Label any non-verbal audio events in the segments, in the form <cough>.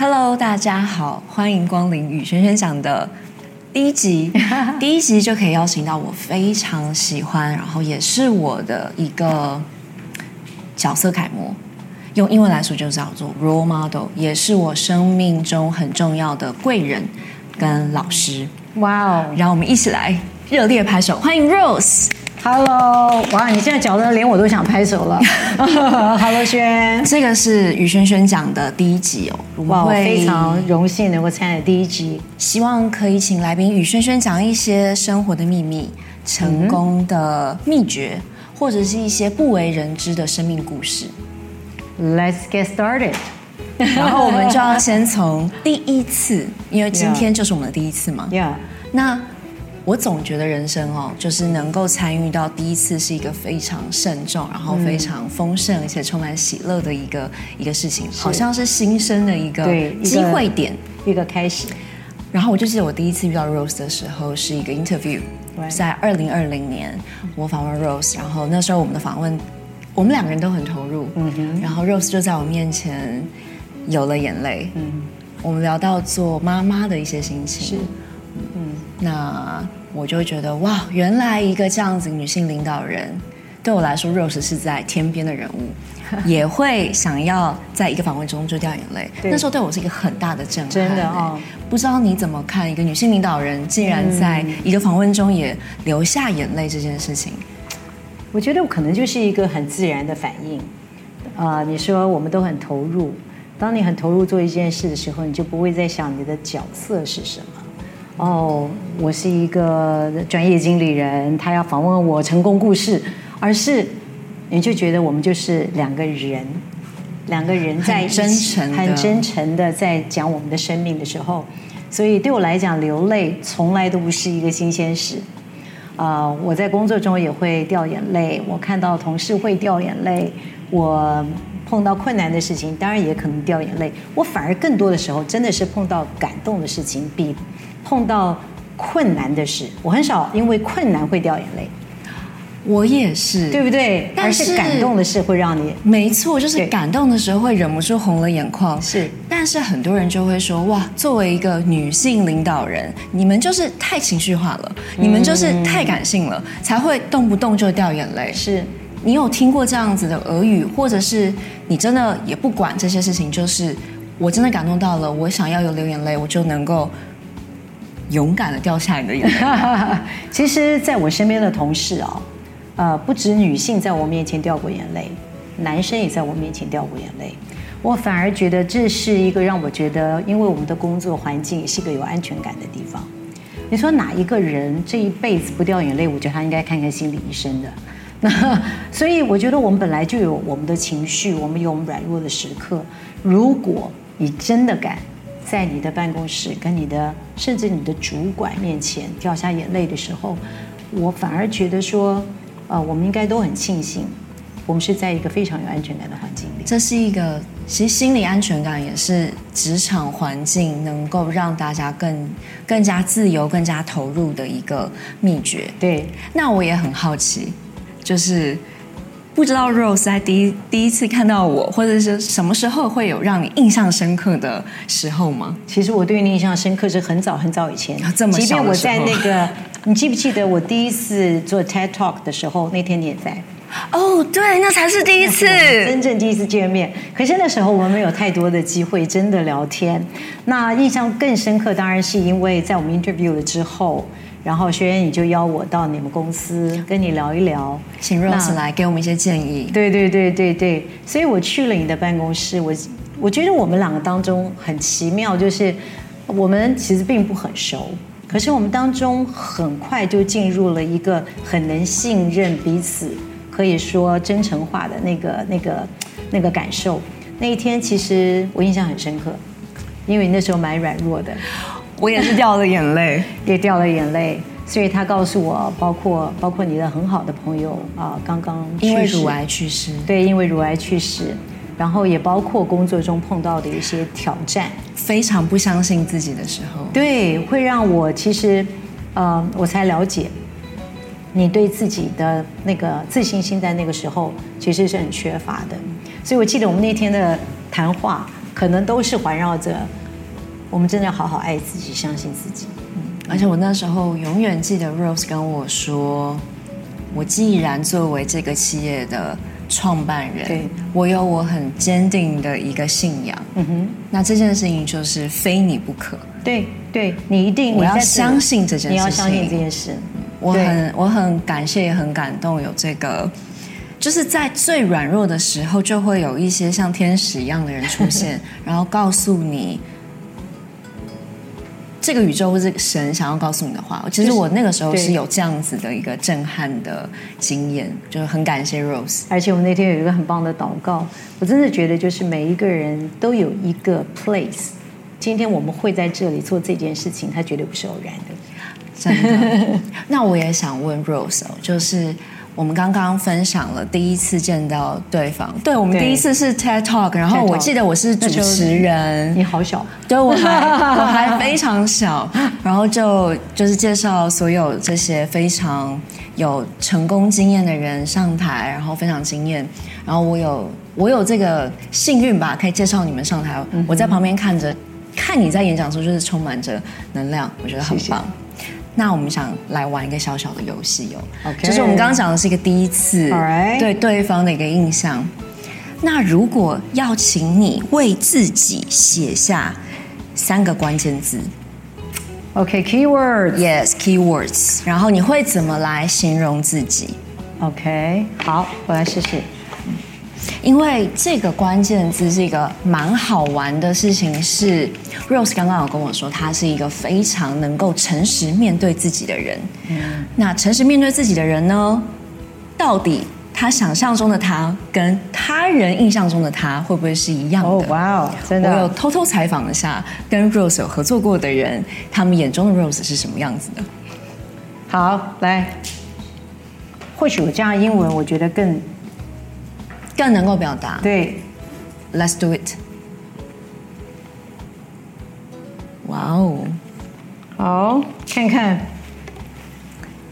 Hello，大家好，歡迎光臨與軒軒講的第一集。 <laughs> 第一集就可以邀請到我非常喜歡，然後也是我的一個角色楷模，用英文來說就是叫做 role model，也是我生命中很重要的貴人跟老師。哇哦！讓我們一起來熱烈拍手，歡迎 Rose。Hello，哇！你現在講的連我都想拍手了。 <laughs> Hello，軒萱，這個是與軒軒講的第一集哦。我非常榮幸能夠參與第一集，希望可以請來賓與軒軒講一些生活的秘密、成功的秘訣，或者是一些不為人知的生命故事。Let's get started。 <laughs> 然後我們就要先從第一次，因為今天就是我們的第一次嘛。Yeah. 那。我總覺得人生哦，就是能夠參與到第一次是一個非常慎重，然後非常豐盛，而且充滿喜樂的一個一個事情，是好像是新生的一個機會點，一個，一個開始。然後我就記得我第一次遇到 Rose 的時候是一個 interview，對在二零二零年我訪問 Rose，然後那時候我們的訪問，我們兩個人都很投入，嗯哼，然後 Rose 就在我面前有了眼淚，嗯哼，我們聊到做媽媽的一些心情。那我就會覺得哇，原來一個這樣子女性領導人，對我來說，Rose 是在天邊的人物，也會想要在一個訪問中就掉眼淚。 <laughs> 那時候對我是一個很大的震撼欸。真的哦，不知道你怎麼看一個女性領導人竟然在一個訪問中也流下眼淚這件事情？我覺得我可能就是一個很自然的反應。啊、呃，你說我們都很投入，當你很投入做一件事的時候，你就不會再想你的角色是什麼。哦，oh, 我是一個專業經理人，他要訪問我成功故事，而是你就覺得我們就是兩個人，兩個人在一起真誠、很真誠的真誠地在講我們的生命的時候，所以對我來講，流淚從來都不是一個新鮮事。啊、uh,，我在工作中也會掉眼淚，我看到同事會掉眼淚，我。碰到困難的事情，當然也可能掉眼淚。我反而更多的時候真的是碰到感動的事情，比碰到困難的事，我很少因為困難會掉眼淚。我也是，對不對？但是，而是感動的事會讓你沒錯，就是感動的時候會忍不住紅了眼眶。是，但是很多人就會說：“哇，作為一個女性領導人，你們就是太情緒化了，嗯，你們就是太感性了，才會動不動就掉眼淚。”是。你有聽過這樣子的耳語，或者是你真的也不管這些事情，就是我真的感動到了，我想要有流眼淚，我就能夠勇敢地掉下你的眼淚。 <laughs> 其實，在我身邊的同事啊、哦，呃，不止女性在我面前掉過眼淚，男生也在我面前掉過眼淚。我反而覺得這是一個讓我覺得，因為我們的工作環境是一個有安全感的地方。你說哪一個人這一輩子不掉眼淚？我覺得他應該看看心理醫生的。那 <laughs> 所以我覺得我們本來就有我們的情緒，我們有我們軟弱的時刻。如果你真的敢在你的辦公室跟你的甚至你的主管面前掉下眼淚的時候，我反而覺得說，呃，我們應該都很慶幸，我們是在一個非常有安全感的環境裡。這是一個其實心理安全感也是職場環境能夠讓大家更更加自由、更加投入的一個秘訣。對，那我也很好奇。就是不知道 Rose 在第一第一次看到我，或者是什麼時候會有讓你印象深刻的時候嗎？其實我對你印象深刻是很早很早以前，這麼即便我在那個， <laughs> 你記不記得我第一次做 TED Talk 的時候？那天你也在。哦，oh，對，那才是第一次真正第一次見面。可是那時候我們沒有太多的機會真的聊天。那印象更深刻，當然是因為在我們 Interview 了之後。然後，軒軒你就邀我到你們公司跟你聊一聊，請 Rose 來那給我們一些建議。對對對對對，所以我去了你的辦公室，我我覺得我們兩個當中很奇妙，就是我們其實並不很熟，可是我們當中很快就進入了一個很能信任彼此，可以說真誠話的那個那個那個感受。那一天其實我印象很深刻，因為那時候蠻軟弱的。我也是掉了眼淚， <laughs> 也掉了眼淚。所以他告訴我，包括包括你的很好的朋友啊、呃，剛剛去因為乳癌去世，對，因為乳癌去世，然後也包括工作中碰到的一些挑戰，非常不相信自己的時候，對，會讓我其實，嗯、呃，我才了解，你對自己的那個自信心在那個時候其實是很缺乏的。所以我記得我們那天的談話，可能都是環繞着。我們真的要好好愛自己，相信自己。嗯，而且我那時候永遠記得 Rose 跟我說：“我既然作為這個企業的創辦人，對我有我很堅定的一個信仰。嗯哼，那這件事情就是非你不可。對，對你一定，我要相信這件事，你要相信這件事。我很我很感謝，也很感動，有這個就是在最軟弱的時候，就會有一些像天使一樣的人出現， <laughs> 然後告訴你。”這個宇宙是神想要告訴你的話。其實，我那個時候是有這樣子的一個震撼的經驗，就是很感謝 Rose。而且我那天有一個很棒的禱告，我真的覺得就是每一個人都有一個 place。今天我們會在這裡做這件事情，它絕對不是偶然的。真的。那我也想問 Rose，就是。我們剛剛分享了第一次見到對方，對我們第一次是 TED Talk，然後我記得我是主持人，你好小，對，我還我還非常小，然後就就是介紹所有這些非常有成功經驗的人上台，然後分享經驗，然後我有我有這個幸運吧，可以介紹你們上台，我在旁邊看着，看你在演講中就是充滿着能量，我覺得很棒。那我們想來玩一個小小的遊戲哦，OK。就是我們剛剛講的是一個第一次對對方的一個印象。OK。那如果要請你為自己寫下三個關鍵字，OK，keywords，yes，keywords，、okay. yes. 然後你會怎麼來形容自己？OK，好，我來試試。因為這個關鍵字這個蠻好玩的事情，是 Rose 剛剛有跟我說，她是一個非常能夠誠實面對自己的人。嗯、那誠實面對自己的人呢，到底她想象中的她跟他人印象中的她會不會是一樣的？哦，哇哦，真的！我有偷偷採訪了一下跟 Rose 有合作過的人，他們眼中的 Rose 是什麼樣子的？好，來，或許我這樣英文，我覺得更。更能夠表達對，Let's do it！哇哦，好，看看，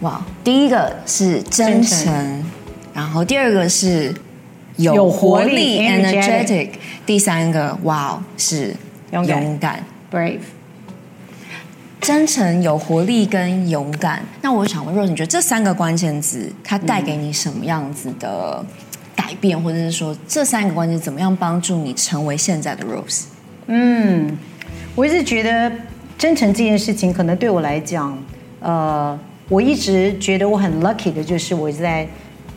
哇，wow。第一個是真誠，精神然後第二個是有活力，有活力 （energetic），第三個哇哦是勇敢 （brave）。真誠、有活力跟勇敢，那我想問，如果你覺得這三個關鍵字，它帶給你什麼樣子的？嗯改變，或者是說這三個關鍵，怎麼樣幫助你成為現在的 Rose？嗯，我一直覺得真誠這件事情，可能對我來講，呃，我一直覺得我很 lucky 的就是，我在，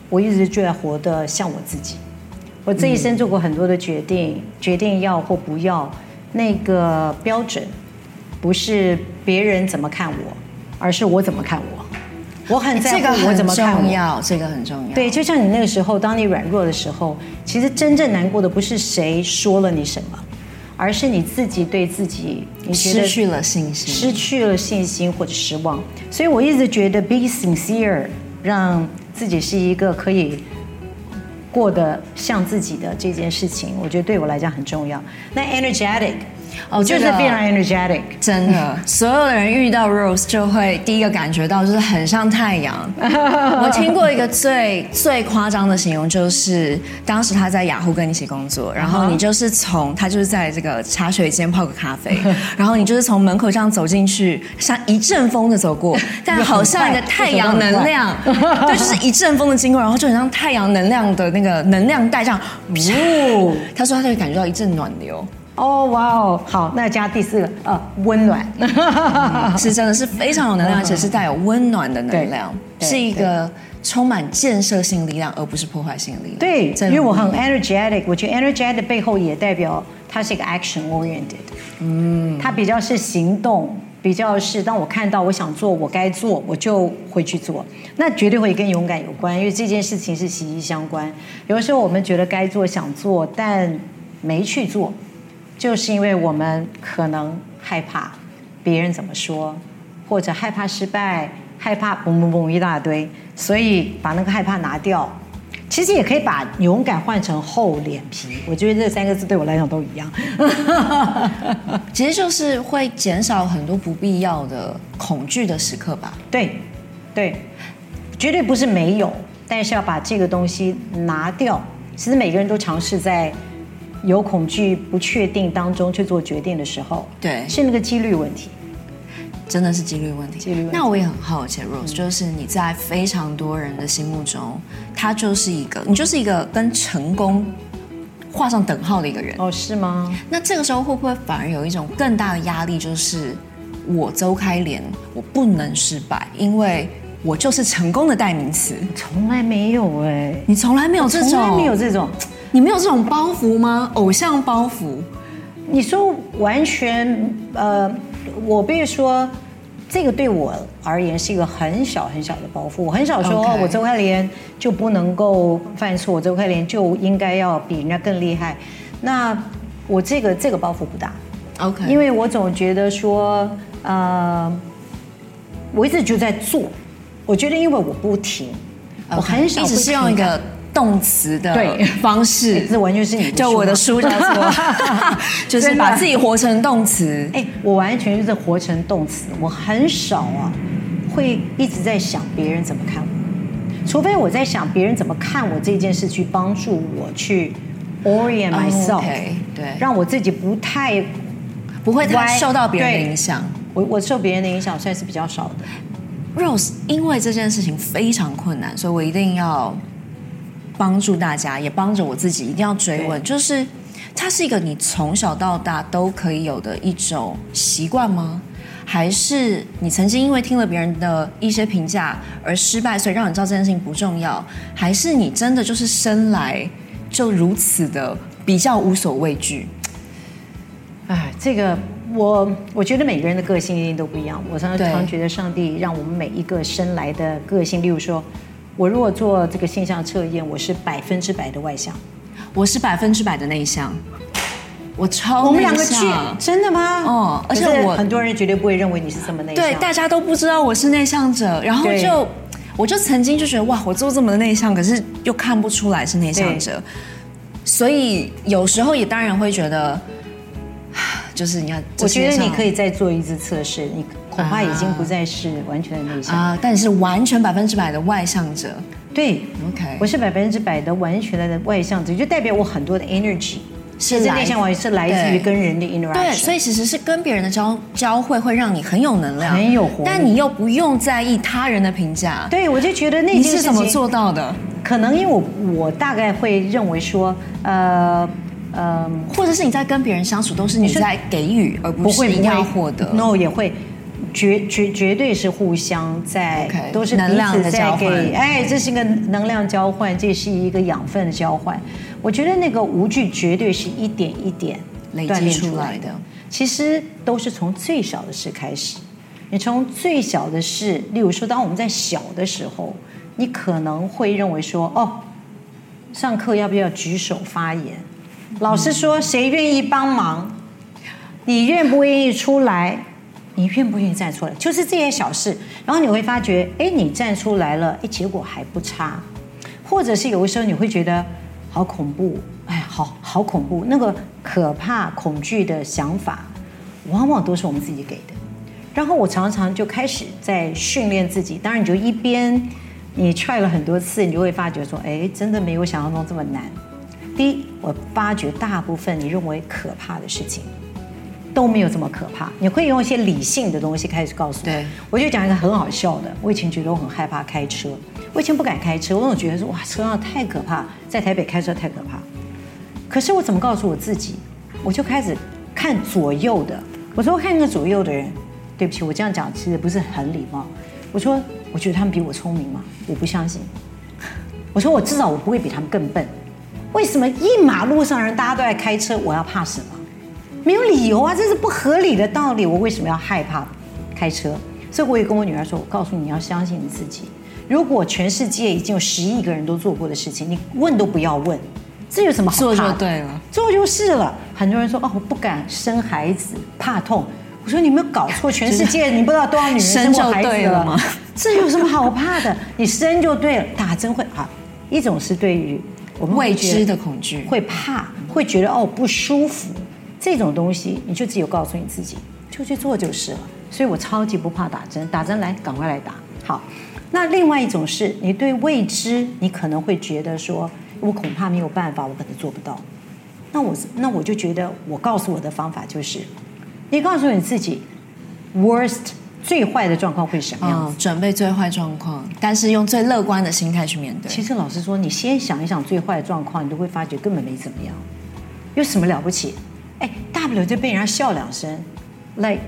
我一直就在活得像我自己。我這一生做過很多的決定，決定要或不要，那個標準不是別人怎麼看我，而是我怎麼看我。我很在意我怎麼看，這個很重要，這個很重要。對，就像你那個時候，當你軟弱的時候，其實真正難過的不是誰說了你什麼，而是你自己對自己失去了信心，失去了信心或者失望。所以我一直覺得 be sincere，讓自己是一個可以過得像自己的這件事情，我覺得對我來講很重要。那 energetic。哦，就是非常 energetic，真的，所有的人遇到 Rose 就會第一個感覺到，就是很像太陽。我聽過一個最最誇張的形容，就是當時他在雅虎、ah、跟你一起工作，然後你就是從他就是在這個茶水間泡個咖啡，然後你就是從門口這樣走進去，像一陣風的走過，但好像一個太陽能量，對，就是一陣風的經過，然後就很像太陽能量的那個能量帶這樣，噗，他說他就感覺到一陣暖流。哦，哇哦，好，那加第四個，呃、uh,，溫暖，mm hmm. mm hmm. 是真的是非常有能量，而且 Wow. 是帶有溫暖的能量，是一個充滿建設性力量，而不是破壞性力量。對，因為我很 energetic，我覺得 energetic 的背後也代表它是一個 action oriented，嗯，它比較是行動，比較是當我看到我想做，我該做，我就會去做，那絕對會跟勇敢有關，因為這件事情是息息相關。有的時候我們覺得該做、想做，但沒去做。就是因為我們可能害怕別人怎麼說，或者害怕失敗，害怕嘣嘣嘣一大堆，所以把那個害怕拿掉。其實也可以把勇敢換成厚臉皮，我覺得這三個字對我來講都一樣。 <laughs> 其實就是會減少很多不必要的恐懼的時刻吧？對，對，絕對不是沒有，但是要把這個東西拿掉。其實每個人都嘗試在。有恐懼、不確定當中去做決定的時候，對，是那個幾率問題，真的是幾率問題。幾率問題。那我也很好奇，Rose，就是你在非常多人的心目中，嗯、他就是一個，你就是一個跟成功畫上等號的一個人。哦，是嗎？那這個時候會不會反而有一種更大的壓力，就是我鄒開蓮我不能失敗，因為我就是成功的代名詞。從來沒有哎、欸，你從來沒有，從來沒有這種。哦你沒有這種包袱嗎？偶像包袱？你說完全，呃，我必須說，這個對我而言是一個很小很小的包袱。我很少說，我鄒開蓮就不能夠犯錯，Okay. 我鄒開蓮就應該要比人家更厲害。那我這個這個包袱不大，OK，因為我總覺得說，呃，我一直就在做，我覺得因為我不停，Okay. 我很少只希望一個。動詞的方式，這完全是你就我的書， <laughs> <laughs> 就是把自己活成動詞。哎、欸，我完全就是活成動詞。我很少啊，會一直在想別人怎麼看我，除非我在想別人怎麼看我這件事，去幫助我去 orient myself，um, okay, 對，讓我自己不太不會太受到別人的影響。我我受別人的影響我算是比較少的。Rose，因為這件事情非常困難，所以我一定要。幫助大家，也幫着我自己，一定要追問，對就是它是一個你從小到大都可以有的一種習慣嗎？還是你曾經因為聽了別人的一些評價而失敗，所以讓你知道這件事情不重要？還是你真的就是生來就如此的比較無所畏懼？哎，這個我我覺得每個人的個性一定都不一樣。我常常，常，對常常覺得上帝讓我們每一個生來的個性，例如說。我如果做這個性向測驗，我是百分之百的外向，我是百分之百的內向，我超我們兩個去真的嗎？哦、嗯，而且我很多人絕對不會認為你是這麼內向，對，大家都不知道我是內向者，然後就對我就曾經就覺得哇，我做這麼的內向，可是又看不出來是內向者，對所以有時候也當然會覺得，就是你要，就是、我覺得你可以再做一次測試，你。恐怕已經不再是完全的內向啊，但是完全百分之百的外向者，對，OK，我是百分之百的完全的外向者，就代表我很多的 energy 是來，我是來自於跟人的 interaction，、啊、對, inter 對,對，所以其實是跟別人的交交會會讓你很有能量，很有活力，但你又不用在意他人的評價。對，我就覺得那件事情你是怎麼做到的？可能因為我我大概會認為說，呃，呃，或者是你在跟別人相處都是你在給予，你而不是要獲得，no 也會。絕絕絕對是互相在 okay, 都是彼此在給，能量的交換。哎，這是一個能量交換，這是一個養分的交換。我覺得那個無懼絕對是一點一點累積出來的，其實都是從最小的事開始。你從最小的事，例如說，當我們在小的時候，你可能會認為說哦，上課要不要舉手發言？嗯，老師說誰願意幫忙，你願不願意出來？你願不願意站出來？就是這些小事，然後你會發覺，哎，你站出來了，哎，結果還不差，或者是有的時候你會覺得，好恐怖，哎，好好恐怖，那個可怕恐懼的想法，往往都是我們自己給的。然後我常常就開始在訓練自己，當然你就一邊你 try 了很多次，你就會發覺說，哎，真的沒有想象中這麼難。第一，我發覺大部分你認為可怕的事情。都沒有這麼可怕，你會用一些理性的東西開始告訴我對。我就講一個很好笑的，我以前覺得我很害怕開車，我以前不敢開車，我總覺得說哇，車上太可怕，在台北開車太可怕。可是我怎麼告訴我自己？我就開始看左右的，我說我看一個左右的人。對不起，我這樣講其實不是很禮貌。我說，我覺得他們比我聰明嗎？我不相信。我說我至少我不會比他們更笨。為什麼一馬路上人大家都在開車，我要怕什麼？沒有理由啊，這是不合理的道理。我為什麼要害怕開車？所以我也跟我女兒說：“我告訴你，你要相信你自己。如果全世界已經有十億個人都做過的事情，你問都不要問，這有什麼好怕的？做就對了，做就是了。很多人說：哦，我不敢生孩子，怕痛。我說：你沒有搞錯，全世界你不知道多少女人生過孩子了，了嗎？ <laughs> 這有什麼好怕的？你生就對了。打針會啊，一種是對於我未知的恐懼，會怕，會覺得哦不舒服。”這種東西你就只有告訴你自己，就去做就是了。所以我超級不怕打針，打針來，趕快來打好。那另外一種是你對未知，你可能會覺得說，我恐怕沒有辦法，我可能做不到。那我那我就覺得，我告訴我的方法就是，你告訴你自己，worst 最壞的狀況會是什麼樣子？哦，準備最壞狀況，但是用最樂觀的心態去面對。其實老實說，你先想一想最壞的狀況，你都會發覺根本沒怎麼樣，有什麼了不起？哎，大不了就被人家笑兩聲，like，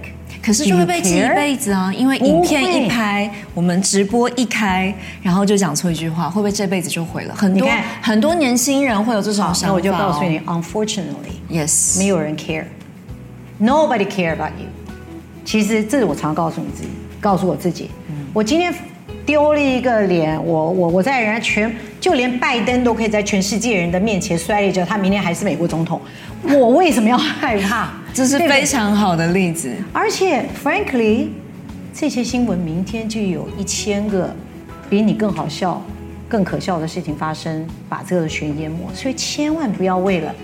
可是就會被記一輩子啊！因為影片一拍，會我們直播一開，然後就講錯一句話，會不會這輩子就毀了？很多看很多年輕人會有這種想法。那我就告訴你，Unfortunately，Yes，沒有人 care，Nobody care about you。其實，這是我常告訴你自己，告訴我自己，嗯、我今天丟了一個臉，我我我在人家全，就連拜登都可以在全世界人的面前摔一跤，他明天還是美國總統。我為什麼要害怕？這是非常好的例子對對。而且，frankly，這些新聞明天就有一千個比你更好笑、更可笑的事情發生，把這個群淹沒。所以，千萬不要為了，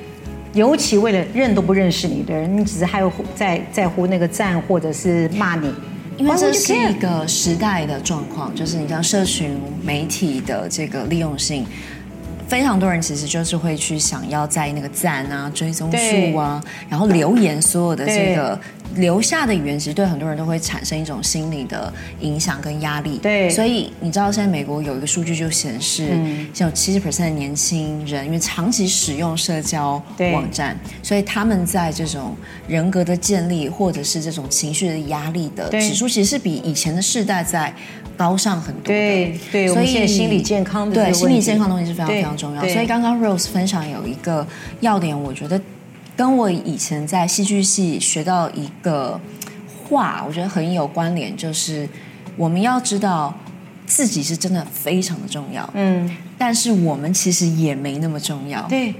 尤其為了認都不認識你的人，你只是還有在在乎那個讚或者是罵你，因為這是一個時代的狀況，就是你像社群媒體的這個利用性。非常多人其實就是會去想要在那個讚啊、追蹤數啊，對然後留言所有的這個留下的語言，其實對很多人都會產生一種心理的影響跟壓力。對，所以你知道現在美國有一個數據就顯示，嗯、像七十 percent 的年輕人因為長期使用社交網站，對所以他們在這種人格的建立或者是這種情緒的壓力的指數，其實是比以前的世代在。高尚很多對，對所以我心理健康的對心理健康的東西是非常非常重要的。所以剛剛 Rose 分享有一個要點，我覺得跟我以前在戲劇系學到一個話，我覺得很有關聯，就是我們要知道自己是真的非常的重要，嗯，但是我們其實也沒那麼重要，對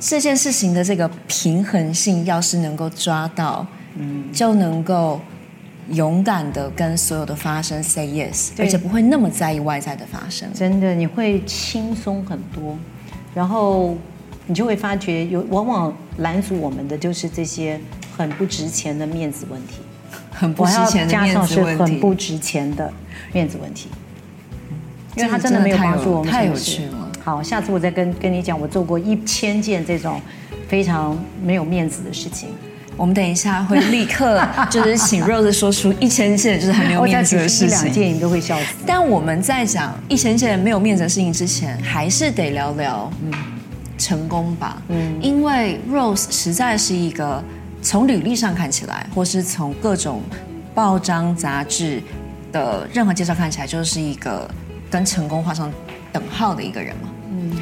這件事情的這個平衡性要是能夠抓到，嗯，就能夠。勇敢的跟所有的發生 say yes，對而且不會那麼在意外在的發生，真的你會輕鬆很多，然後你就會發覺有往往攔阻我們的就是這些很不值錢的面子問題，很不值錢的面子問題，我要加上是很不值錢的面子問題，嗯，因為他真的沒有幫助我們。真的太有，太有趣了！好，下次我再跟跟你講，我做過一千件這種非常沒有面子的事情。我們等一下會立刻就是請 Rose 說出一千件就是很有面子的事情，都會笑。但我們在講一千件沒有面子的事情之前，還是得聊聊嗯成功吧。嗯，因為 Rose 實在是一個從履歷上看起來，或是從各種報章雜誌的任何介紹看起來，就是一個跟成功畫上等號的一個人嘛。嗯，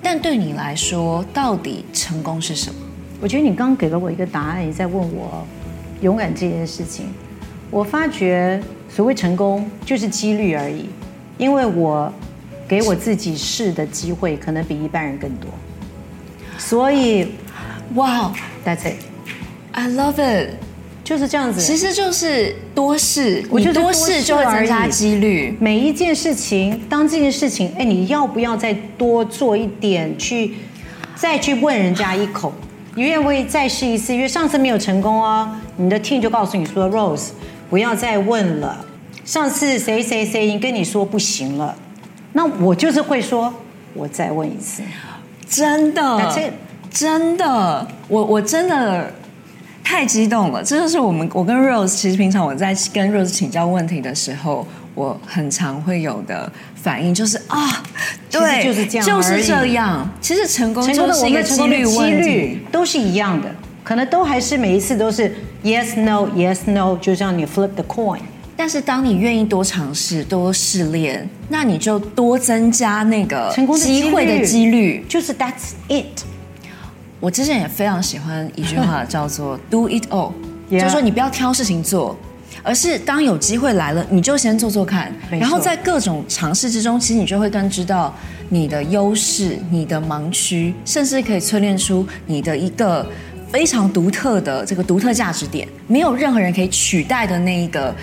但對你來說，到底成功是什麼？我覺得你剛給了我一個答案，你在問我勇敢這件事情。我發覺所謂成功就是幾率而已，因為我給我自己試的機會可能比一般人更多。所以，Wow，That's it，I love it，就是這樣子。其實就是多試，我多試就會增加幾率。幾率每一件事情，當這件事情，哎，你要不要再多做一點，去再去問人家一口？你願不願意再試一次？因為上次沒有成功哦。你的 team 就告訴你說，Rose 不要再問了。上次誰誰誰已經跟你說不行了。那我就是會說，我再問一次。真的，這 's 真的，我我真的太激動了。這就是我們，我跟 Rose，其實平常我在跟 Rose 請教問題的時候，我很常會有的。反應就是啊，哦、是對，就是這樣，就是這樣。其實成功、幾率、成功、成功的，我們的成功率幾率都是一樣的，可能都還是每一次都是 yes no yes no，就是讓你 flip the coin。但是當你願意多嘗試、多試煉，那你就多增加那個成功機會的幾率。幾率就是 that's it。 <laughs> 我之前也非常喜歡一句話，叫做 do it all，Yeah. 就是說你不要挑事情做，而是當有機會來了，你就先做做看，沒錯。然後在各種嘗試之中，其實你就會更知道你的優勢、你的盲區，甚至可以淬煉出你的一個非常獨特的這個獨特價值點，沒有任何人可以取代的那一個、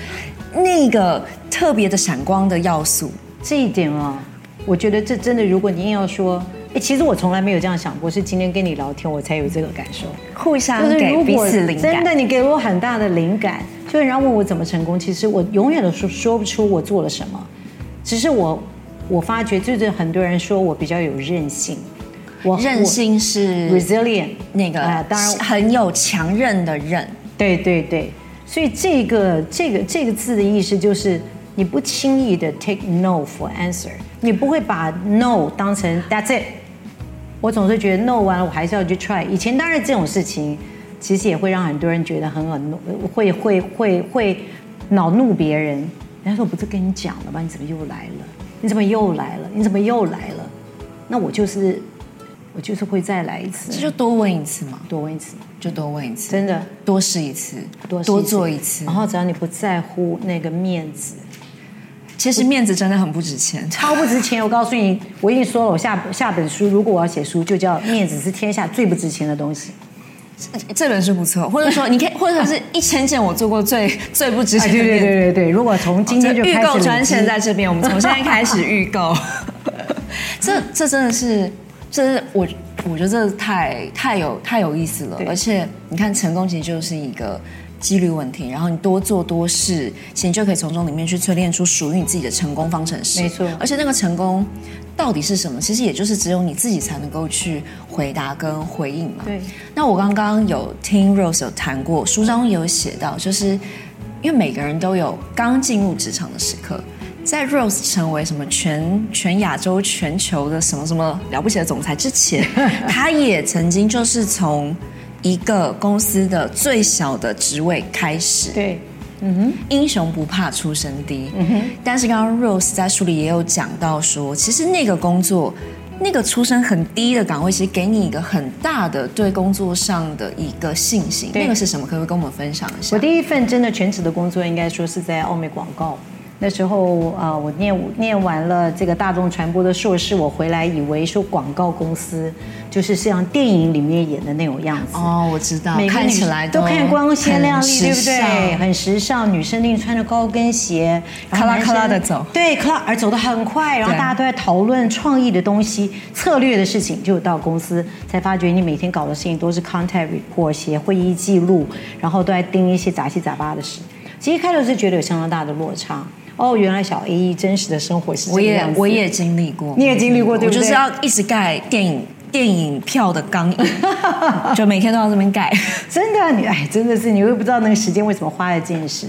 那一個特別的閃光的要素。這一點啊、哦，我覺得這真的，如果你硬要說，哎，其實我從來沒有這樣想過，是今天跟你聊天，我才有這個感受，互相給彼此靈感。真的，你給我很大的靈感。對，然後問我怎麼成功，其實我永遠都說說不出我做了什麼，只是我，我發覺最近很多人說我比較有韌性，我韌性是 resilient 那個，呃、當然很有強韌的韌。對對對，所以這個這個這個字的意思就是你不輕易的 take no for answer，你不會把 no 當成 that's it。我總是覺得 no 完了，我還是要去 try。以前當然這種事情。其實也會讓很多人覺得很惱怒，會會會會惱怒別人。人家說：“我不是跟你講了嗎？你怎麼又來了？你怎麼又來了？你怎麼又來了？”那我就是，我就是會再來一次。這就多問一次嗎？嗯，多問一次。就多問一次。真的？多試一次？多多做一次？然後只要你不在乎那個面子，其實面子真的很不值錢，我 <laughs> 超不值錢。我告訴你，我已經說了，我下下本書如果我要寫書，就叫“面子是天下最不值錢的東西”。這本是不錯，或者說，你可以，或者是一千件我做過最最不值錢的。對、啊、對對對對，如果從今天就開始預購專線在這邊，我們從現在開始預購。 <laughs> 這這真的是，這是我我覺得這太太有太有意思了，對而且你看，成功其實就是一個。幾率問題，然後你多做多試。其實你就可以從中裡面去淬煉出屬於你自己的成功方程式。沒錯，而且那個成功到底是什麼？其實也就是只有你自己才能夠去回答跟回應嘛。對。那我剛剛有聽 Rose 有談過，書中有寫到，就是因為每個人都有剛進入職場的時刻，在 Rose 成為什麼全全亞洲、全球的什麼什麼了不起的總裁之前， <laughs> 他也曾經就是從。一個公司的最小的職位開始，對，嗯哼，英雄不怕出身低，嗯哼。但是剛剛 Rose 在書裡也有講到說，其實那個工作，那個出身很低的崗位，其實給你一個很大的對工作上的一個信心。那個是什麼？可不可以跟我們分享一下？我第一份真的全職的工作，應該說是在奧美廣告。那時候啊、呃，我念念完了這個大眾傳播的碩士，我回來以為說廣告公司就是像電影裡面演的那種樣子哦，我知道，每看起來都，都看光鮮對亮麗，對不對？很時尚，女生定穿着高跟鞋，咔啦咔啦的走，對，咔啦而走得很快。然後大家都在討論創意的東西、對策略的事情，就到公司才發覺你每天搞的事情都是 contact report，寫會議記錄，然後都在盯一些雜七雜八的事。其實開始是覺得有相當大的落差。哦，原來小 A、e、真實的生活是這樣。我也我也經歷過，你也經歷過，歷過對不對？我就是要一直蓋電影電影票的鋼印， <laughs> 就每天都要這麼蓋。 <laughs> 真的、啊，你哎，真的是你又不知道那個時間為什麼花在這件事。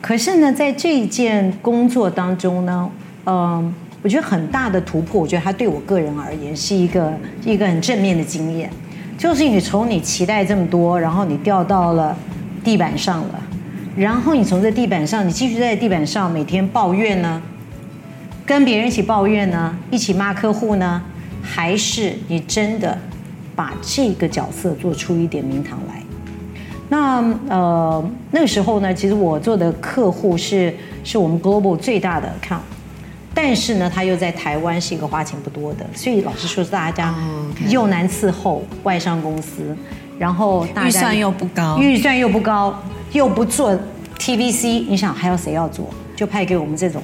可是呢，在這一件工作當中呢，嗯、呃，我覺得很大的突破，我覺得它對我個人而言是一個一個很正面的經驗，就是你從你期待這麼多，然後你掉到了地板上了。然後你從這地板上，你繼續在地板上每天抱怨呢，跟別人一起抱怨呢，一起罵客戶呢，還是你真的把這個角色做出一點名堂來？那呃那個時候呢，其實我做的客戶是是我們 global 最大的 account，但是呢，他又在台灣是一個花錢不多的，所以老實說，大家又難、oh, okay. 伺候外商公司。然後大預算又不高，預算又不高，又不做 TVC，你想還有誰要做？就派給我們這種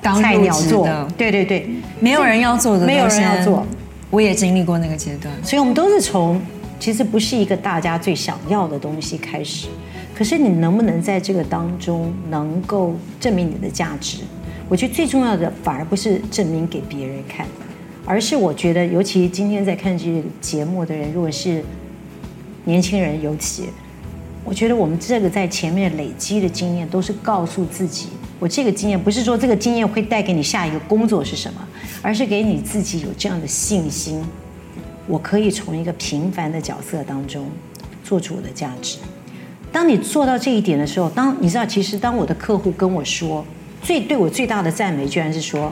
菜鳥做，的對對對，沒有人要做的，沒有人要做。我也經歷過那個階段，所以我們都是從其實不是一個大家最想要的東西開始，可是你能不能在這個當中能夠證明你的價值？我覺得最重要的反而不是證明給別人看，而是我覺得，尤其今天在看這個節目的人，如果是。年輕人尤其，我覺得我們這個在前面累積的經驗，都是告訴自己，我這個經驗不是說這個經驗會帶給你下一個工作是什麼，而是給你自己有這樣的信心，我可以從一個平凡的角色當中做出我的價值。當你做到這一點的時候，當你知道，其實當我的客戶跟我說最對我最大的讚美，居然是說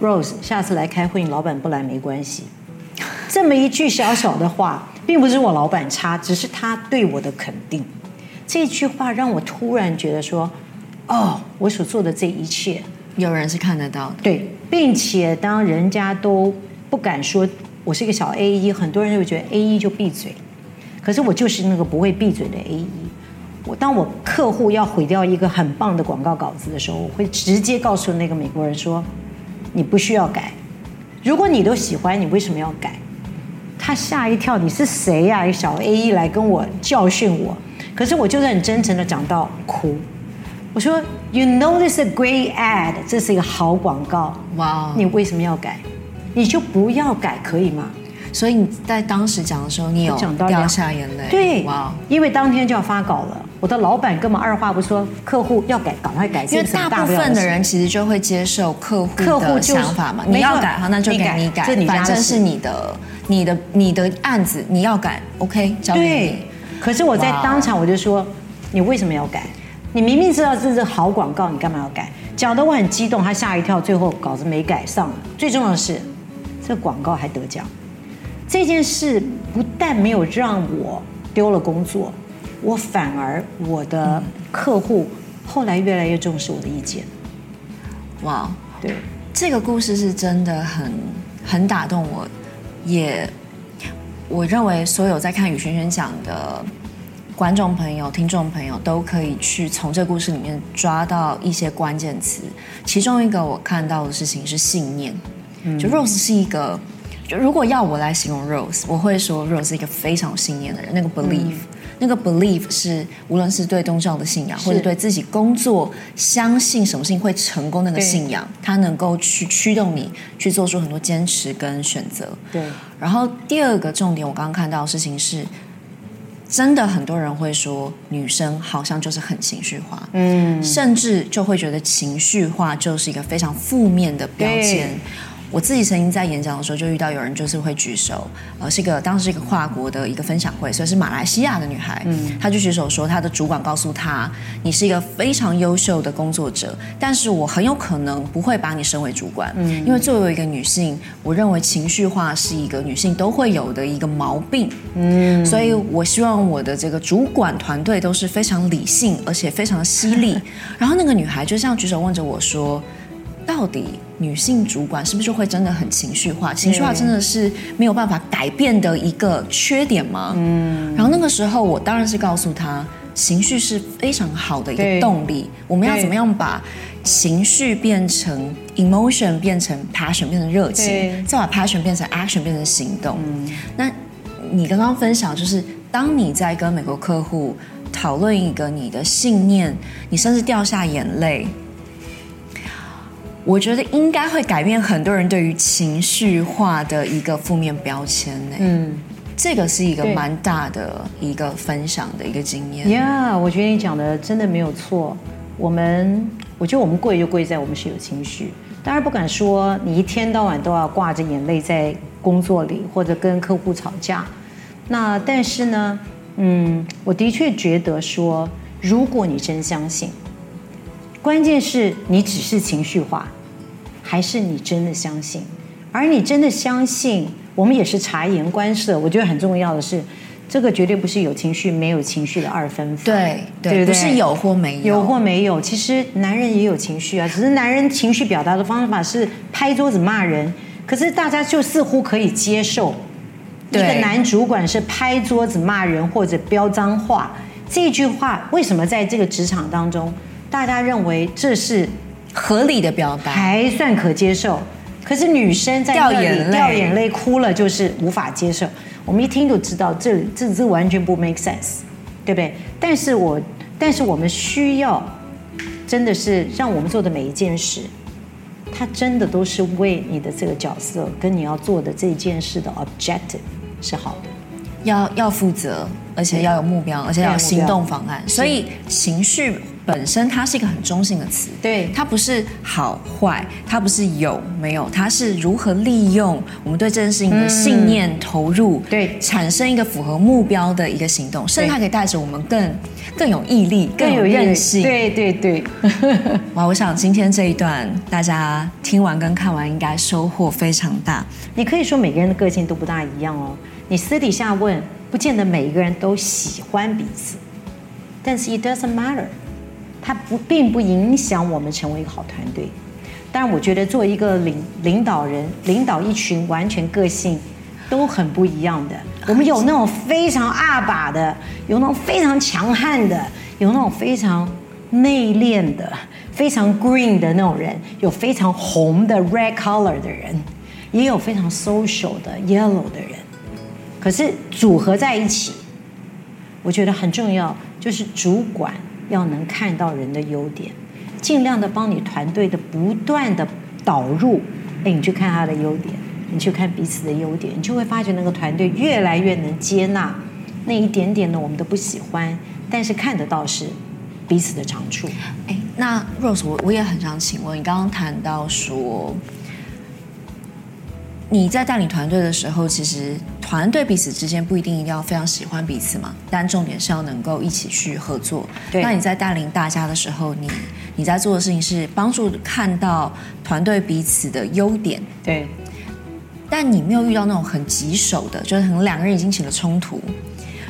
，Rose，下次來開會，你老闆不來沒關係。這麼一句小小的話，並不是我老板差，只是他對我的肯定。這句話讓我突然覺得說，哦，我所做的這一切有人是看得到的。對，並且當人家都不敢說我是一個小 AE，很多人就覺得 AE 就閉嘴。可是我就是那個不會閉嘴的 AE。我當我客戶要毀掉一個很棒的廣告稿子的時候，我會直接告訴那個美國人說：“你不需要改，如果你都喜歡，你為什麼要改？”他嚇一跳，你是誰呀、啊？一小 A 一、e、來跟我教訓我，可是我就是很真誠的講到哭。我說，You know this is a great ad，這是一個好廣告。哇，Wow. 你為什麼要改？你就不要改，可以嗎？所以你在當時講的時候，你有掉下眼淚，對，哇，Wow. 因為當天就要發稿了。我的老闆根本二話不說，客戶要改，趕快改。因為大部分的人其實就會接受客戶的想法嘛，就是、你要改，要改那就你改，你改。這反正是你的、你的、你的、你的案子，你要改，OK。交給你。對，可是我在當場我就說，Wow. 你為什麼要改？你明明知道這是，是好廣告，你幹嘛要改？講得我很激動，他嚇一跳，最後稿子沒改上。最重要的是，這廣告還得獎。這件事不但沒有讓我丟了工作。我反而，我的客戶後來越來越重視我的意見。哇，Wow, 對，這個故事是真的很很打動我，也我認為所有在看與軒軒講的觀眾朋友、聽眾朋友都可以去從這個故事裡面抓到一些關鍵詞。其中一個我看到的事情是信念，嗯、就 Rose 是一個，就如果要我來形容 Rose，我會說 Rose 是一個非常有信念的人，那個 belief。嗯那個 belief 是，無論是對宗教的信仰，是或者對自己工作相信什麼事情會成功的那個信仰，對它能夠去驅動你去做出很多堅持跟選擇。對。然後第二個重點，我剛剛看到的事情是，真的很多人會說，女生好像就是很情緒化，嗯，甚至就會覺得情緒化就是一個非常負面的標籤。我自己曾經在演講的時候就遇到有人就是會舉手，呃，是一個當時一個跨國的一個分享會，所以是馬來西亞的女孩，嗯，她就舉手說她的主管告訴她，你是一個非常優秀的工作者，但是我很有可能不會把你升為主管，嗯，因為作為一個女性，我認為情緒化是一個女性都會有的一個毛病，嗯，所以我希望我的這個主管團隊都是非常理性而且非常犀利， <laughs> 然後那個女孩就這樣舉手問着我說。到底女性主管是不是會真的很情緒化？情緒化真的是沒有辦法改變的一個缺點嗎？嗯。然後那個時候，我當然是告訴她，情緒是非常好的一個動力。對我們要怎麼樣把情緒變成 emotion，對變成 passion，變，變成熱情，對再把 passion 變成 action，變成行動。嗯。那你剛剛分享，就是當你在跟美國客戶討論一個你的信念，你甚至掉下眼淚。我覺得應該會改變很多人對於情緒化的一個負面標籤呢。嗯，這個是一個蠻大的一個分享的一個經驗。呀、Yeah, 我覺得你講的真的沒有錯。我們，我覺得我們貴就貴在我們是有情緒。當然不敢說你一天到晚都要掛着眼淚在工作裡，或者跟客戶吵架。那但是呢，嗯，我的確覺得說，如果你真相信。關鍵是你只是情緒化，還是你真的相信？而你真的相信，我們也是察言觀色。我覺得很重要的是，這個絕對不是有情緒沒有情緒的二分法，對對，對不對？不是有或沒有，有或沒有。其實男人也有情緒啊，只是男人情緒表達的方法是拍桌子罵人，可是大家就似乎可以接受一個男主管是拍桌子罵人或者飆髒話對這句話，為什麼在這個職場當中？大家認為這是合理的表達，還算可接受。可是女生在這裡掉眼淚、哭了，就是無法接受。我們一聽就知道這，這這這，這完全不 make sense，對不對？但是我，但是我們需要，真的是讓我們做的每一件事，它真的都是為你的這個角色跟你要做的這一件事的 objective 是好的，要要負責，而且要有目標，而且要有行動方案，是所以情緒。本身它是一個很中性的詞，對，它不是好壞，它不是有沒有，它是如何利用我們對這件事情的信念投入，嗯、對，產生一個符合目標的一個行動，甚至它可以帶着我們更更有毅力、更有韌性。對對對，哇！ <laughs> 我想今天這一段大家聽完跟看完，應該收穫非常大。你可以說每個人的個性都不大一樣哦，你私底下問，不見得每一個人都喜歡彼此，但是 it doesn't matter。它不，並不影響我們成為一個好團隊，但我覺得做一個領領導人，領導一群完全個性都很不一樣的。啊，我們有那種非常阿爸的，有那種非常強悍的，有那種非常內斂的，非常 green 的那種人，有非常紅的 red color 的人，也有非常 social 的 yellow 的人。可是組合在一起，我覺得很重要，就是主管。要能看到人的優點，儘量的幫你團隊的不斷的導入，哎，你去看他的優點，你去看彼此的優點，你就會發覺那個團隊越來越能接納那一點點的我們都不喜歡，但是看得到是彼此的長處。哎，那 Rose，我我也很想請問，你剛剛談到說。你在帶領團隊的時候，其實團隊彼此之間不一定一定要非常喜歡彼此嘛，但重點是要能夠一起去合作。對，那你在帶領大家的時候，你你在做的事情是幫助看到團隊彼此的優點。對，但你沒有遇到那種很棘手的，就是可能兩個人已經起了衝突？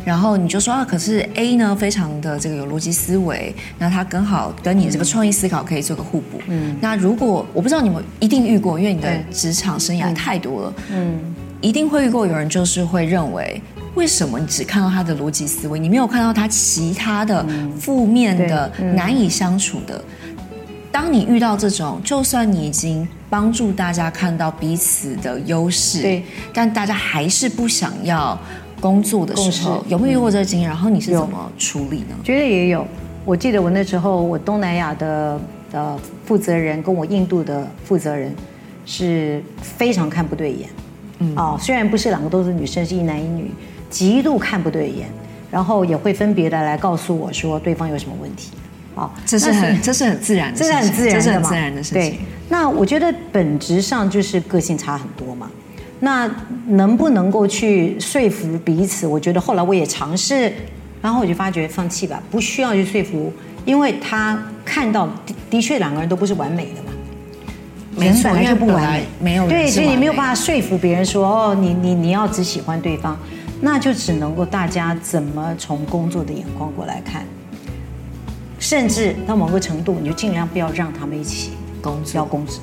然後你就說啊，可是 A 呢，非常的這個有邏輯思維，那他剛好跟你這個創意思考可以做個互補。嗯，那如果我不知道你們一定遇過，因為你的職場生涯太多了，嗯，嗯，一定會遇過有人就是會認為，為什麼你只看到他的邏輯思維，你沒有看到他其他的負面的、嗯、難以相處的？嗯、當你遇到這種，就算你已經幫助大家看到彼此的優勢，對，但大家還是不想要。工作的時候共事，有沒有用過這經驗、嗯、然後你是怎麼處理呢？覺得也有。我記得我那時候，我東南亞的呃負責人跟我印度的負責人是非常看不對眼。嗯、哦，雖然不是兩個都是女生，是一男一女，極度看不對眼，然後也會分別的來告訴我說對方有什麼問題。哦，這是很是這是很自然的，這是很自然的嘛？對。那我覺得本質上就是個性差很多嘛。那能不能夠去說服彼此？我覺得後來我也嘗試，然後我就發覺放棄吧，不需要去說服，因為他看到的的，的確兩個人都不是完美的嘛，人本來就不完美，沒，沒有對，所以你沒有辦法說服別人說哦，你你你要只喜歡對方，那就只能夠大家怎麼從工作的眼光過來看，甚至到某個程度，你就儘量不要讓他們一起工作，要共事，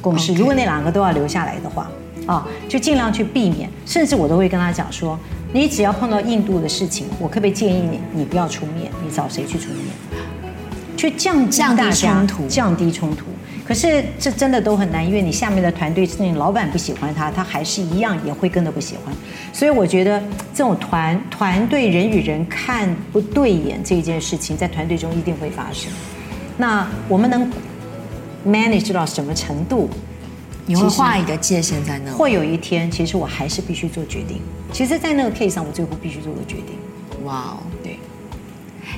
共事 Okay. 如果那兩個都要留下來的話。啊、哦，就儘量去避免，甚至我都會跟他講說，你只要碰到印度的事情，我特別建議你，你不要出面，你找誰去出面，去降，降低衝突，降低衝突。可是這真的都很難，因為你下面的團隊，是你老闆不喜歡他，他還是一樣，也會跟着不喜歡。所以我覺得這種團團隊人與人看不對眼這一件事情，在團隊中一定會發生。那我們能 manage 到什麼程度？你會畫一個界限在那裡？會有一天，其實我還是必須做決定。其實，在那個 case 上，我最後必須做個決定。哇哦 Wow，對，